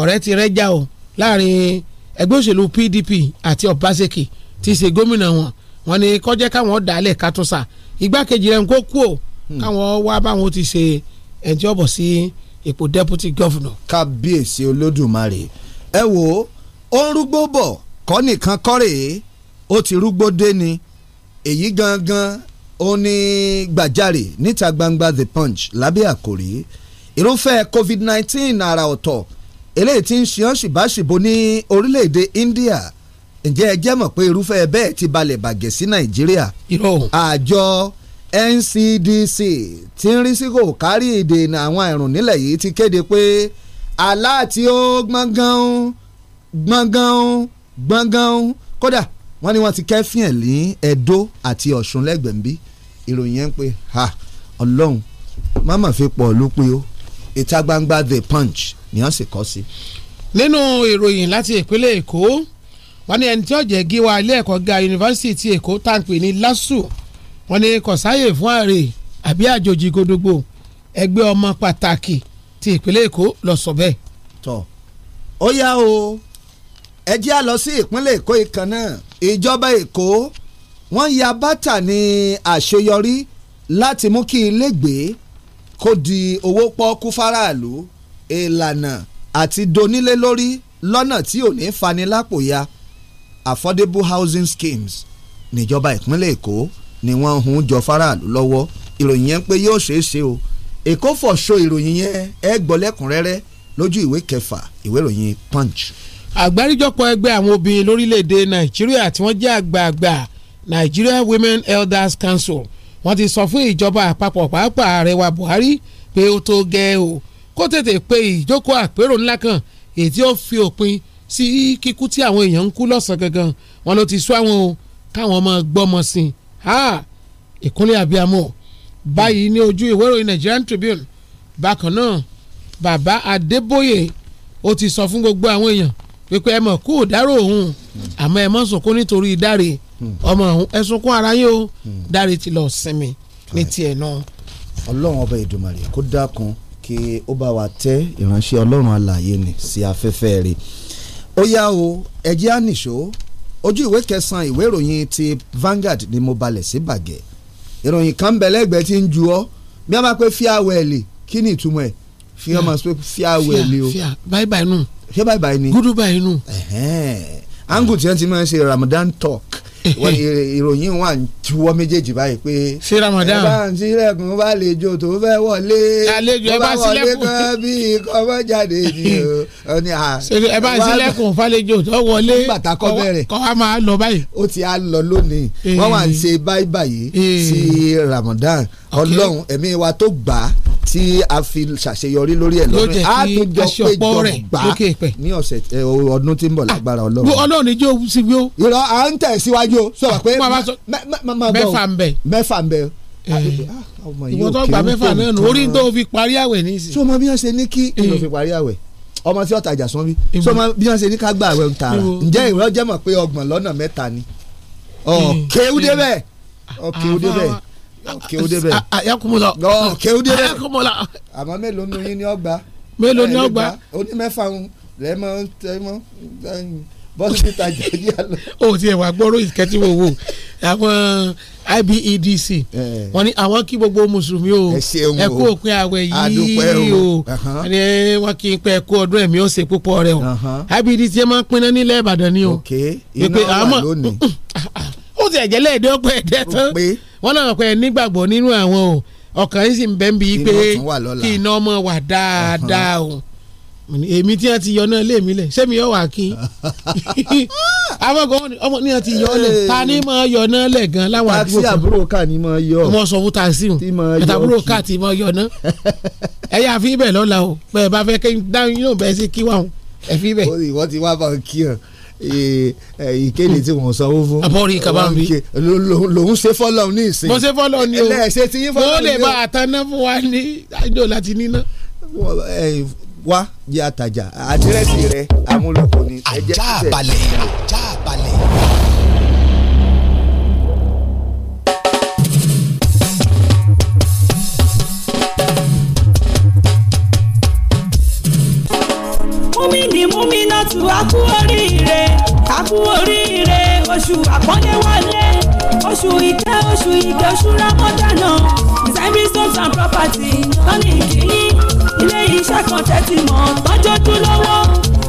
ọ̀rẹ́ ti rẹ́jà o láàrin ẹgbẹ́ òṣèlú PDP àti Obaseki ti ṣe gómìnà wọn wọ́n ní kó jẹ́ káwọn dàálẹ̀ kátúnṣà igbákejì rẹ̀ ń kó kú o hmm. káwọn wá báwọn ti ṣe ẹ̀jọ́ bọ̀ sí ipò deputy governor. kábíyèsí olódùmarè ẹ wo ó ń rúgbó bọ̀ kọ́ nìkan kọ́ ó ti rúgbó dé ni èyí gangan ó ní gbàjarè níta gbangba the punch lábẹ́ àkòrí irúfẹ́ covid nineteen ara ọ̀tọ̀ eléyìí tí ń ṣeán ṣìbáṣìbò ní orílẹ̀-èdè India ǹjẹ́ ẹ jẹ́ mọ̀ pé irúfẹ́ bẹ́ẹ̀ ti balẹ̀ bàgẹ́ sí Nàìjíríà àjọ NCDC ti ń rí sí kò kárí ìdènà àwọn àrùn nílẹ̀ yìí ti kéde pé aláàtí ó gbọ̀ngàn gbọ̀ngàn gbọ̀ngàn kódà wọ́n ní wọ́n ti kẹ́fìn ẹ̀ ní Ẹdó àti Ọ̀ṣun lẹ́gbẹ̀mbí ìròyìn yẹn ń pè ha ọlọ́run mama fi pọ̀ ló pé o ìta gbangba the punch ni wọ́n sì kọ́ sí. nínú ìròyìn láti ìpínlẹ̀ Èkó wọ́n ní ẹni tí ó jẹ́ gíwá ilé ẹ̀kọ́ ga yunifásitì ti Èkó tàǹpì ní LASU wọ́n ní kọ̀sáyè fún ààrẹ àbí àjòjì gbogbo ẹgbẹ́ ọmọ pàtàkì ti ìpínlẹ̀ Èkó lọ sọ bẹ́ẹ̀. tọ́ ó yá o ẹ jẹ́ à sí ìpínlẹ̀ Èkó ìkan náà ìjọba èkó wọ́n ya bátà ní àṣeyọrí láti mú kí ilégbèé kó di owó pọ́ọ́kú faraàlú ìlànà àti donílé lórí lọ́nà tí ò ní fani lápò ya affordable housing schemes níjọba ìpínlẹ̀ èkó ni wọ́n hun jọ faraàlú lọ́wọ́ ìròyìn yẹn pé yóò ṣeé ṣe o èkó fọ̀ṣọ ìròyìn yẹn ẹ gbọ́ lẹ́kùnrẹ́rẹ́ lójú ìwé kẹfà ìwé ìròyìn punch àgbáríjọpọ̀ ẹgbẹ́ àwọn obìnrin lórílẹ̀‐èdè nàìjíríà tí wọ́n jẹ́ àgbààgbà Nigeria Women Elders Council wọ́n ti sọ fún ìjọba àpapọ̀ pàápàá àrẹwà Buhari pé ó tó gẹ́ o kó tètè pe ìjókòó àpérò ńlá kan èyí tí ó fi òpin sí kíkú tí àwọn èèyàn ń kú lọ́sàn gangan wọn ló ti sọ àwọn o káwọn ọmọ gbọ́mọ sí i ha ìkúnlẹ̀ abiyamọ báyìí ní ojú ìwé ìròyìn Nigerian Tribune bákan náà bàbá Adébóyè ó ti sọ fún gbogbo àwọn èèyàn pípẹ́ ẹ mọ̀ kó o dárò òun àmọ́ ẹ mọ̀ sunkún nítorí dáre ọmọ òun ẹ sunkún ara yín o dáre ti lọ sinmi ní tiẹ̀ náà. ọlọ́run ọba ìdùmarè kó dákun kí ó bá wa tẹ ìránṣẹ́ ọlọ́run alààyè ni sí afẹ́fẹ́ rẹ̀ ó yá o ẹjẹ́ ànìṣó ojú ìwé kẹsàn-án ìwé ìròyìn ti Vanguard ni mo balẹ̀ sí bàgẹ́ ìròyìn kan bẹ̀ lẹ́gbẹ̀ẹ́ tí ń ju ọ́ bí wọ́n bá pé fíàwẹ̀lì kí ni ìtumọ̀ ẹ̀ fi hàn máa pé fíàwẹ̀lì o. báyìí báyìí nù. No ṣé báyìí báyìí ni. gúdú báyìí nù. angu tí wọ́n ti máa ń ṣe Ramadan talk ìròyìn wà ń tiwọ́ méjèèjì báyìí pé. ṣé Ramadan. ẹ bá ń sílẹ̀kùn bá lè jo tó fẹ́ wọlé. àlejò ẹ bá sílẹ̀kùn. bá wọlé kan bí kọ́mọ́ jáde ni o. ẹ bá sílẹ̀kùn fàlejò tó wọlé. bàtà kọ́ bẹ̀rẹ̀. kọ́ a máa lọ báyìí. ó ti á lọ lónìí wọ́n wà ń ṣe báyìí báyìí sí Ramadan ọlọ́run ẹ̀mí wa tó gbà á tí a fi ṣàṣeyọrí lórí ẹ̀ lọ́dún á tún jọ péjọ gbà á ní ọ̀sẹ̀ ọdún tí ń bọ̀ lágbára ah, ọlọ́run. ọlọ́run ní jó sí bí ó. irọ́ à ń tẹ̀síwájú o sọ̀rọ̀ pé mẹ́fà ń bẹ. mẹ́fà ń bẹ eh. ah, ah, ìwọ tó gba mẹ́fà náà nù orí tó fi parí àwẹ̀ ní sí. sọmọ bí wọn ṣe ní kí ló eh. fi parí àwẹ̀ ọmọ tí ọ̀tàjà sọ bí sọmọ bí wọn ṣe ní ká gba àwẹ̀ tààrà ǹjẹ́ ìwọ jẹ́ mọ̀ pé ọgbọ̀n lọ́nà mẹ́ta ni hmm. ọ̀kẹ́ ó débẹ̀ hmm. ọ̀kẹ́ ó débẹ̀ kéwú débẹ̀. ayakumula kéwú débẹ̀ ayakumula. àmọ́ mélòó ni oyin ni ọgbà. mélòó ni ọgbà. oní mẹ́fà ń lẹ́mọ̀ tẹ́mọ̀ bọ́sítà jẹ́jẹ́ lọ. o tiẹ̀ wá gbọ́rọ̀ ìkẹ́tí wo wo àwọn IBEDC eh, eh. wọ́n ní àwọn kí gbogbo mùsùlùmí o ẹ kú òpin àwẹ̀ yìí o wọ́n kí n pẹ́ kú ọdún ẹ̀mí ọ̀sẹ̀ púpọ̀ rẹ o IBEDC máa ń pinna nílẹ̀ Ìbàdàn ni o. ok iná wà lónìí ó ti ẹ̀jẹ̀ lẹ́ẹ̀dẹ́ ọ̀pọ̀ ẹ̀dẹ́ tán wọ́n náà pẹ́ nígbàgbọ́ nínú àwọn o ọkàn yìí sì ń bẹ́ẹ̀ bíi pé kí iná ọmọ wà dáadáa o èmi tí wọ́n ti yọ náà lé mi lẹ̀ sẹ́mi yọ wà kí afọkàn ọmọ ní wọ́n ti yọ lẹ̀ ta ni mọ̀ yọ náà lẹ̀ gan láwọn àdúgbò kan táàsì àbúrò ká ni mọ̀ yọ ọmọ sọ fún táàsì o ẹ̀ta àbúrò ká ti mọ̀ yọ náà ẹ yà fi ibẹ̀ lọ́la o bẹ́ẹ̀ bá fẹ́ kí dáhùn yóò bẹ́ẹ̀ sí kí wà o ẹ fi ibẹ̀. ìwọ ti wá bá ọ kí ọ. Eh, ìkéde tí wọ́n sanwó fún. àbọ̀rí kabambi. lòun ṣe fọ́lọ́ ní ìsìn. mo ṣe fọ́lọ́ ni o ẹlẹ́ẹ̀ṣẹ́ ti yín fọ́lọ́ ni o. mo lè bá àtàná fún wa ní àjò láti níná. wá jẹ́ àtàjà àdírẹ́sì rẹ̀ amúlòpọ̀ ni. ajá balẹ̀ ajá balẹ̀. oṣù akú oríire akú oríire oṣù àpọ́nlé wọlé oṣù ìkẹ́ oṣù ìkẹ́ oṣù rámọ́dánà ìsẹ́mi stones and property tọ́ni ìkíní ilé iṣẹ́ kan tẹ́tí mọ́ tọ́jọ́ dún lọ́wọ́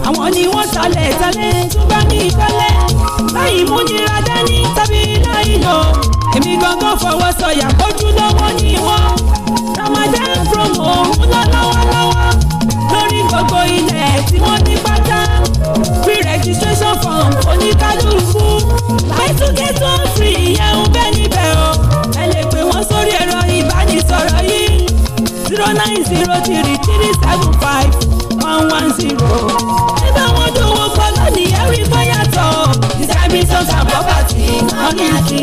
àwọn ni wọ́n ṣàlẹ̀ tẹ́lẹ̀ tún bá ní ìfẹ́lẹ́ láì mú nira dání tàbí láì lọ èmi gangan fọwọ́ sọ̀yà kójú lọ́wọ́ ni wọ́n ramadan promo ń lọ lọ́wọ́lọ́wọ́ lórí gbogbo iná. oníkálukú àìtúkẹ́tù fi ìyẹ̀wò bẹ́ẹ̀ níbẹ̀ o ẹ lè pè wọ́n sórí ẹ̀rọ ìbánisọ̀rọ̀ yìí zero nine zero three three seven five one one zero. ẹ bá wọn dòwò pọ̀ lónìí ẹ̀rí bóyàtọ̀ distributions and property money àti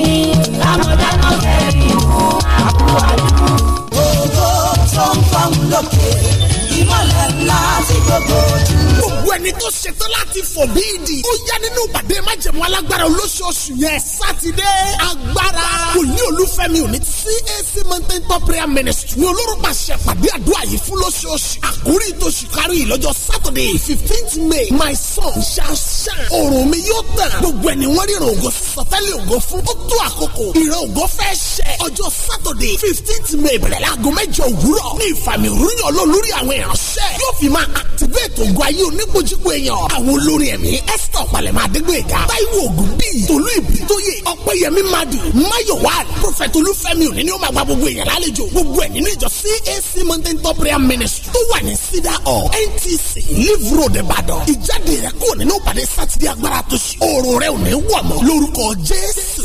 lámọ̀dá náà fẹ́ẹ́ rí mú àbúrò àdúgbò. owó tó ń fọ́n lókè ìmọ̀lẹ̀ ńlá tí gbogbo ojú. gbogbo ẹni tó ṣetán láti fò bí ìdì. ó yá nínú ìpàdé májẹ̀mú alágbára olóṣooṣù yẹn sátidé agbára. kò ní olúfẹ́mi òní CAC mountain top prayer ministry ní olórúkọ àṣẹpàdé àdúrà yìí fún lóṣooṣù. àkórí ìtòṣù kárí lọ́jọ́ sátọ̀dé fifteenth may my son shall shine. oòrùn mi yóò tàn. gbogbo ẹni wọ́n ríran ògo sọtẹ́lẹ̀ ògo fún. ó tó àkókò ìran ògo fẹ́ ṣẹ. ọjọ́ sátọ̀dé fifteenth may bẹ̀rẹ̀ láago mẹ́jọ òwúrọ̀ ní ìfàmì òrùnyàn lórí àwọn ẹ̀ ìránṣẹ́ yóò fi máa activate ògùn ayé onígbòjìgbò èèyàn àwọn olórin ẹ̀mí esther palẹ̀mọ́ adégbèga táíwò ògùn bíi tòlú ìbítóyè ọ̀pẹ̀yẹmí madu mayowan prophet olúfẹ́mi òní ni ó máa gba gbogbo èèyàn lálejò gbogbo ẹ̀ nínú ìjọ cac mountain top prayer ministry tó wà ní cedar hall ntc live road ìbàdàn ìjáde rẹ̀ kò nínú ìpàdé sátidé agbára tó ṣe òòrùn rẹ̀ ò ní wọ̀ mọ́ lórúkọ jésù.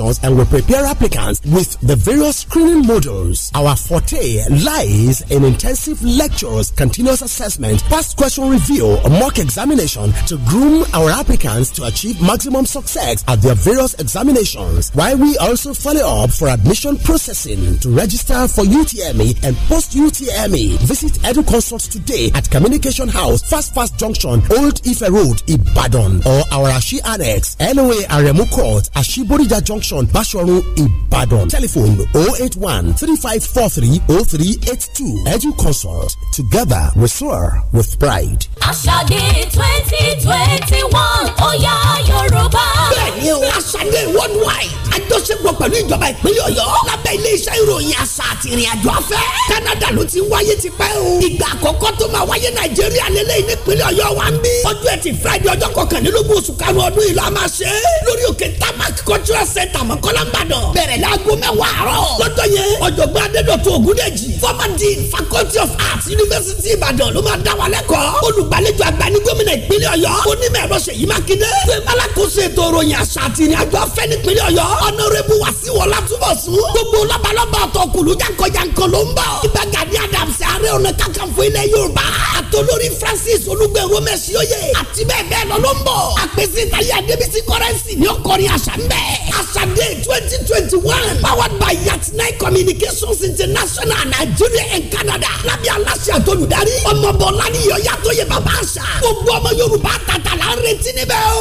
and will prepare applicants with the various screening modules. Our forte lies in intensive lectures, continuous assessment, past question review, mock examination to groom our applicants to achieve maximum success at their various examinations. While we also follow up for admission processing to register for UTME and post UTME, visit EduConsult today at Communication House, Fast Fast Junction, Old Ife Road, Ibadan, or our Ashi Annex, LOA Aremu Court, Ashiborija Junction junction Bashoru Ibadan. Telephone 081 3543 0382. Edu Consult. Together we soar with pride. Aṣàdé 2021 one ó yá Yorùbá. Bẹ́ẹ̀ni o, Aṣàdé worldwide àjọṣepọ̀ pẹ̀lú ìjọba ìpínlẹ̀ ọ̀yọ́ lábẹ́ iléeṣẹ́ ìròyìn àṣà àti ìrìnàjò afẹ́ Canada ló ti wáyé ti pẹ́ o ìgbà àkọ́kọ́ tó máa wáyé nàìjíríà lélẹ́yìn nípínlẹ̀ ọ̀yọ́ wa ń bí ọjọ́ ẹtì friday ọjọ́ kọkànlélógún oṣù karùn-ún ọdún yìí la máa ṣe lórí òkè tamak cultural center mọ̀kọ́lá ìbàdàn bẹ̀rẹ̀ láago mẹ́wàá àárọ̀ lọ́jọ́ yẹn ọ̀jọ̀gbọ́n adédọ̀tun ògúndèjì former dean faculty of arts university ìbàdàn ló máa dá wa lẹ́kọ̀ọ́ olùgbàlejò àgbà ní gómìnà ìpínlẹ̀ ọ̀yọ́ onímọ̀ ẹ̀rọ ṣèyí mákindé tó ìbálàkóso ètò ìròyìn àṣà àti ìrìnàjò afẹ́ nípínlẹ̀ ọ̀yọ́ ọ̀nàrẹ́bù Wasiu Ọlátúnbọ̀sún gbogbo lọ́balọ́ba ọ̀tọ̀kùlú jankan ló ń bọ̀ ibà Gani Adams ààrẹ ọ̀nà kakanfò ilẹ̀ Yorùbá àtolórí Francis olùgbé romesi oyè àti bẹ́ẹ̀ bẹ́ẹ̀ lọ ló ń bọ̀ àpèsè ìtayé adébísí kọ́rẹ́nsì ni ọkọrin àṣà ń bẹ̀ àṣà twenty twenty one powered by yatinai communications international Nigeria and Canada lábẹ́ aláṣẹ àtolùdarí ọmọbọ̀ lánìyàn yàtọ̀ yẹ bàbá àṣà gbogbo ọmọ Yorùbá tàtàlà ń retí níbẹ̀ o.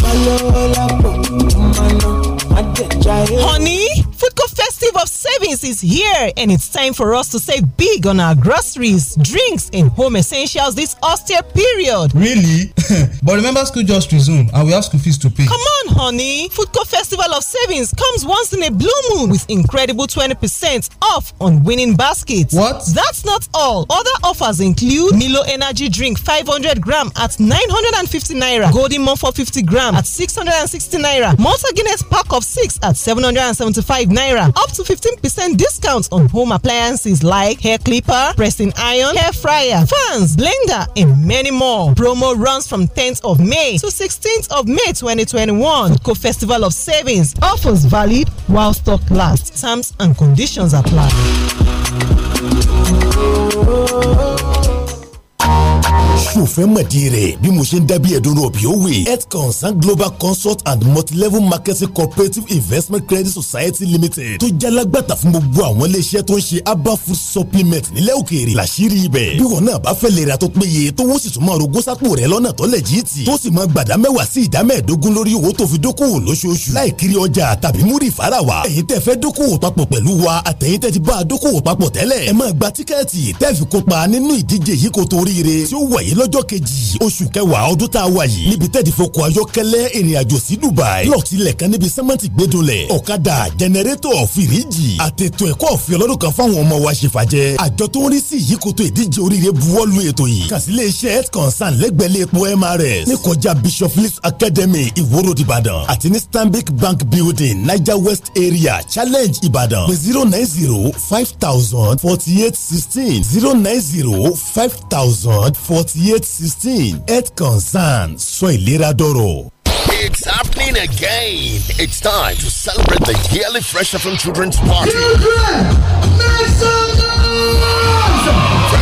balọ̀ ọ̀la pọ̀ Honey? Foodco Festive of Savings is here, and it's time for us to save big on our groceries, drinks, and home essentials this austere period. Really? but remember, school just resumed, and we have school fees to pay. Come on, honey. Foodco Festival of Savings comes once in a blue moon with incredible 20% off on winning baskets. What? That's not all. Other offers include Milo Energy Drink 500 gram at 950 naira, Golden for 450 gram at 660 naira, Malta Guinness Pack of 6 at 775 naira up to 15% discount on home appliances like hair clipper, pressing iron, hair fryer, fans, blender, and many more. Promo runs from 10th of May to 16th of May 2021. Co Festival of Savings offers valid while stock lasts. Terms and conditions apply ṣó fẹ́ mọ̀dí rẹ̀ bí mo ṣe ń dábìí ẹ̀dùn rẹ̀ òbí ó wè health consult global consult and multilevel marketing cooperative investment credit society limited tó jalagbàtà fún gbogbo àwọn iléeṣẹ́ tó ń ṣe herbal food supplement nílẹ̀ òkèèrè làṣírí ibẹ̀ bí wọn náà bá fẹ́ lè ra tó péye tó wọ́n sì tún máa rogó sápò rẹ̀ lọ́nà tó lẹ̀ jí tì tó sì máa gbàdá mẹ́wàá sí ìdá mẹ́ẹ̀ẹ́dógún lórí owó tó fi dókòwò lóṣooṣù láì kiri ọjà tàbí múrì fara wa ẹ̀yin tẹ́ fẹ́ dókòwò papọ̀ pẹ̀lú wa àtẹ̀yin tẹ́ ti bá a dókòwò papọ̀ tẹ́lẹ̀ ẹ máa gba tíkẹ́ẹ̀tì tẹ́ fi kópa nínú ìdíje yìí kó toríire tí ó wáyé tàbí lọ́jọ́ kejì oṣù kẹwàá ọdún tá a wà yìí níbi tẹ́ẹ̀dì fọkọ̀ ayọ́kẹ́lẹ́ ìrìnàjò sí Dubai lọ́ọ̀tì lẹ̀kan níbi sẹ́mẹ́ǹtì gbẹdọ̀lẹ̀ ọ̀kadà jẹnẹrétọ̀ fìríjì àtẹ̀tọ̀ ẹ̀kọ́ ọ̀fìn ọlọ́dún kan fáwọn ọmọ wa ṣe fàjẹ́ àjọ tó ń rí sí ìyíkoto ìdíje oríire buwọ́lu ètò yìí kàsílẹ̀ iṣẹ́ health concern lẹ́gbẹ̀lẹ́ epo MRS ní kọjá Bishop Phillips Academy ìwòrò Ìbàdàn àti ní Stanbic Bank Building Niger West Area Challenge Ìbàdàn pé zero nine zero five thousand forty eight sixteen zero nine zero five thousand forty twenty eight sixteen health concern sọ ìlera dọ̀rọ̀. It's happening again. It's time to celebrate the yearly Fresh from Children's Party. Children, make some noise!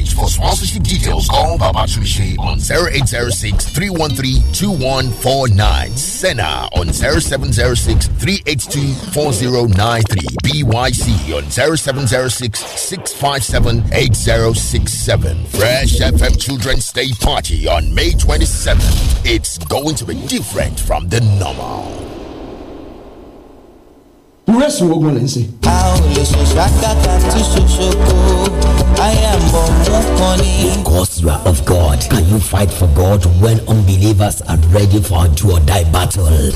page for sponsorship details. Call Baba on 0806 313 Senna on 0706 BYC on 0706 657 Fresh FM Children's Day Party on May 27th. It's going to be different from the normal. Uresu ogun lè ń ṣe. a ò lè ṣoṣoko ayàmbọ̀ mú kan ní. of God. Can you fight for God when unbelievers are ready for a do or die battle?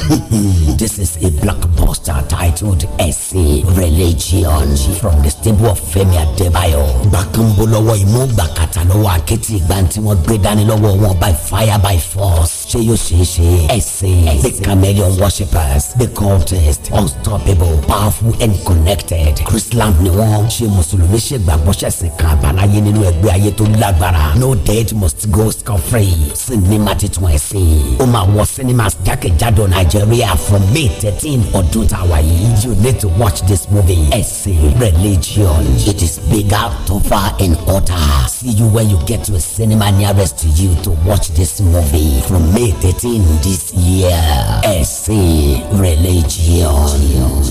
this is a blockbuster titled Essay Religion from the stable of Femi Adebayo. Gbàkánbó lọ́wọ́ imú gbàkàtà lọ́wọ́ akéèti ìgbà tí wọ́n gbé dání lọ́wọ́ wọn by fire by force. Ṣé yóò ṣeé ṣe? Essay. The chameleon worshippers. The cultists. Unstoppable. powerful and connected chrislam ni wọ́n ṣe mùsùlùmí ṣe gbàgbọ́ ṣẹ̀sìn kan àbáláyé nínú ẹgbẹ́ ayé tó lágbára no dead must go scot-free sinima titun ẹ̀sìn ó máa wọ cinemas jákèjádò nàìjíríà from may thirteen ọdún tàwa yìí you need to watch this movie ẹ̀sìn religion it is bigger tougher and hotter see you when you get to a cinema nearest to you to watch this movie from may thirteen this year ẹ̀sìn religion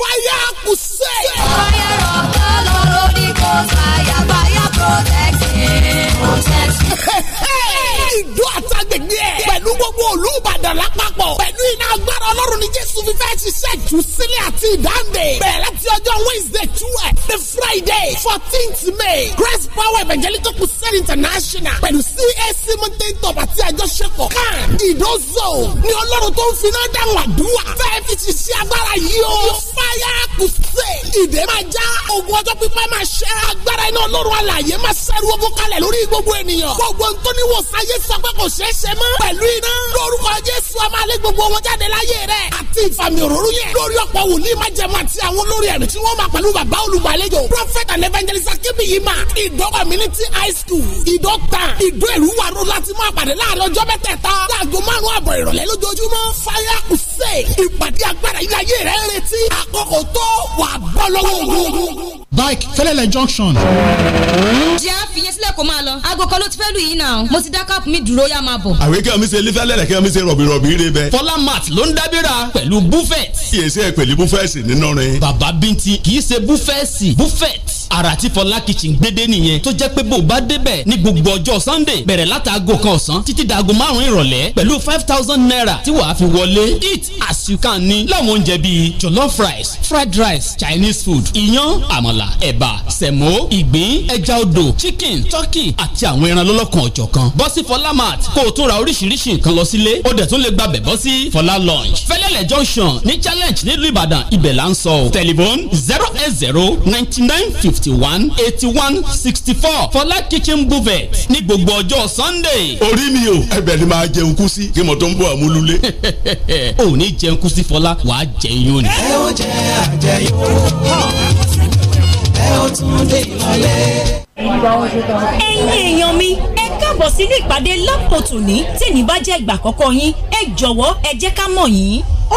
fire crusade. fire of the lord holy ghost fire fire protect me protect me. ìjọ àtàgbègbè ẹ̀ pẹ̀lú gbogbo olúbàdàn ènìyàn lápapọ̀ pẹ̀lú iná agbára ọlọ́run ní jésù fífẹ́ ṣiṣẹ́ jù sílẹ̀ àti ìdáǹdè bẹ̀rẹ̀ láti ọjọ́ wednesday twelve the friday fourteenth may grace power evangelical crusade international pẹ̀lú cac mountain top àti àjọṣepọ̀ kan ìdózò ni ọlọ́run tó ń finá dáhùn àdúrà fẹ́ẹ́ fi ṣiṣẹ́ agbára yìí o fire crusade ìdè máa já ogun ọjọ́ pípẹ́ máa ṣẹ́ agbára iná ọlọ́run alàyè máa ṣẹ́rú ogun kalẹ̀ lórí gbogbo ènìyàn gbogbo ntọ́niwòsàn ayé sọ pé kò ṣeé ṣe mọ́ pẹ̀lú iná lórúkọ jésù jésù a máa lé gbogbo wọn jáde láyé rẹ̀ àti ìfàmì òróró yẹn lórí ọ̀pọ̀ wòlíì má jẹun àti àwọn olórí ẹ̀mí tí wọ́n máa pẹ̀lú bàbá olùgbàlejò prophet and evangelist akébí yìí ma ìdó community high school ìdó tan ìdó ìlú wàrú láti máa pàdé láàrin ọjọ́ mẹ́tẹ̀ẹ̀ta láago márùn-ún àbọ̀ ìrọ̀lẹ́ lójoojúmọ́ fire hussein ìpàdé agbára ilé rẹ̀ ń retí bike fẹlẹlẹ junction. jẹ́ àfiyè sílẹ̀ kó máa lọ aago kan ló ti fẹ́ lù yìí náà mo ti dá káàpù mi dúró yá máa bọ̀. àwé kí omi ṣe kí omi rọ̀bì ìrọ̀bí rẹ bẹ. fọlá mart ló ń dábìra pẹ̀lú buffet. kí èsì ẹ̀ pẹ̀lú buffet nínú rẹ̀. bàbá bíntín kì í ṣe buffet sí buffet àrà tí Fọlá kitchen gbédé nìyẹn tó jẹ́ pé bó o bá débẹ̀ ní gbogbo ọjọ́ Sunday bẹ̀rẹ̀ látàgò kan ọ̀sán títí dàgò márùn-ún ìrọ̀lẹ́ pẹ̀lú five thousand naira tí wàá fi wọlé eat as you can Ni láwọn oúnjẹ bíi jollof rice fried rice Chinese food iyán àmàlà ẹ̀bà sẹ̀mó ìgbín ẹja odò chicken turkey àti àwọn ẹran lọ́lọ́kan ọ̀jọ̀kan bọ́ sí Fọlá mart kó o tún ra oríṣiríṣi nǹkan lọ sílé ó dẹ̀ tún lè gbàbẹ̀ bọ́ sí Fọlá lunch Fẹ́lẹ́lẹ̀ junction ní challenge nílùú Ìbàdàn ibẹ̀ là ń sọ o telephone zero eight zero ninety nine fifty fifty one eighty one sixty four fọlá kitchen buffet ní gbogbo ọjọ́ sunday. orí mi o ẹ̀bẹ̀ ni màá jẹun kú kí mo tó ń bọ̀ àmúlulẹ̀. o ò ní jẹun kú sí fọlá wàá jẹun yóò ní. ẹ ó jẹ àjẹyó ẹ ó tún dé ìrọ̀lẹ́ ẹ̀yin èèyàn mi ẹ káàbọ̀ sínú ìpàdé lápò tòní tẹ̀yìn bá jẹ́ ìgbà àkọ́kọ́ yín ẹ jọ̀wọ́ ẹ jẹ́ ká mọ̀ yín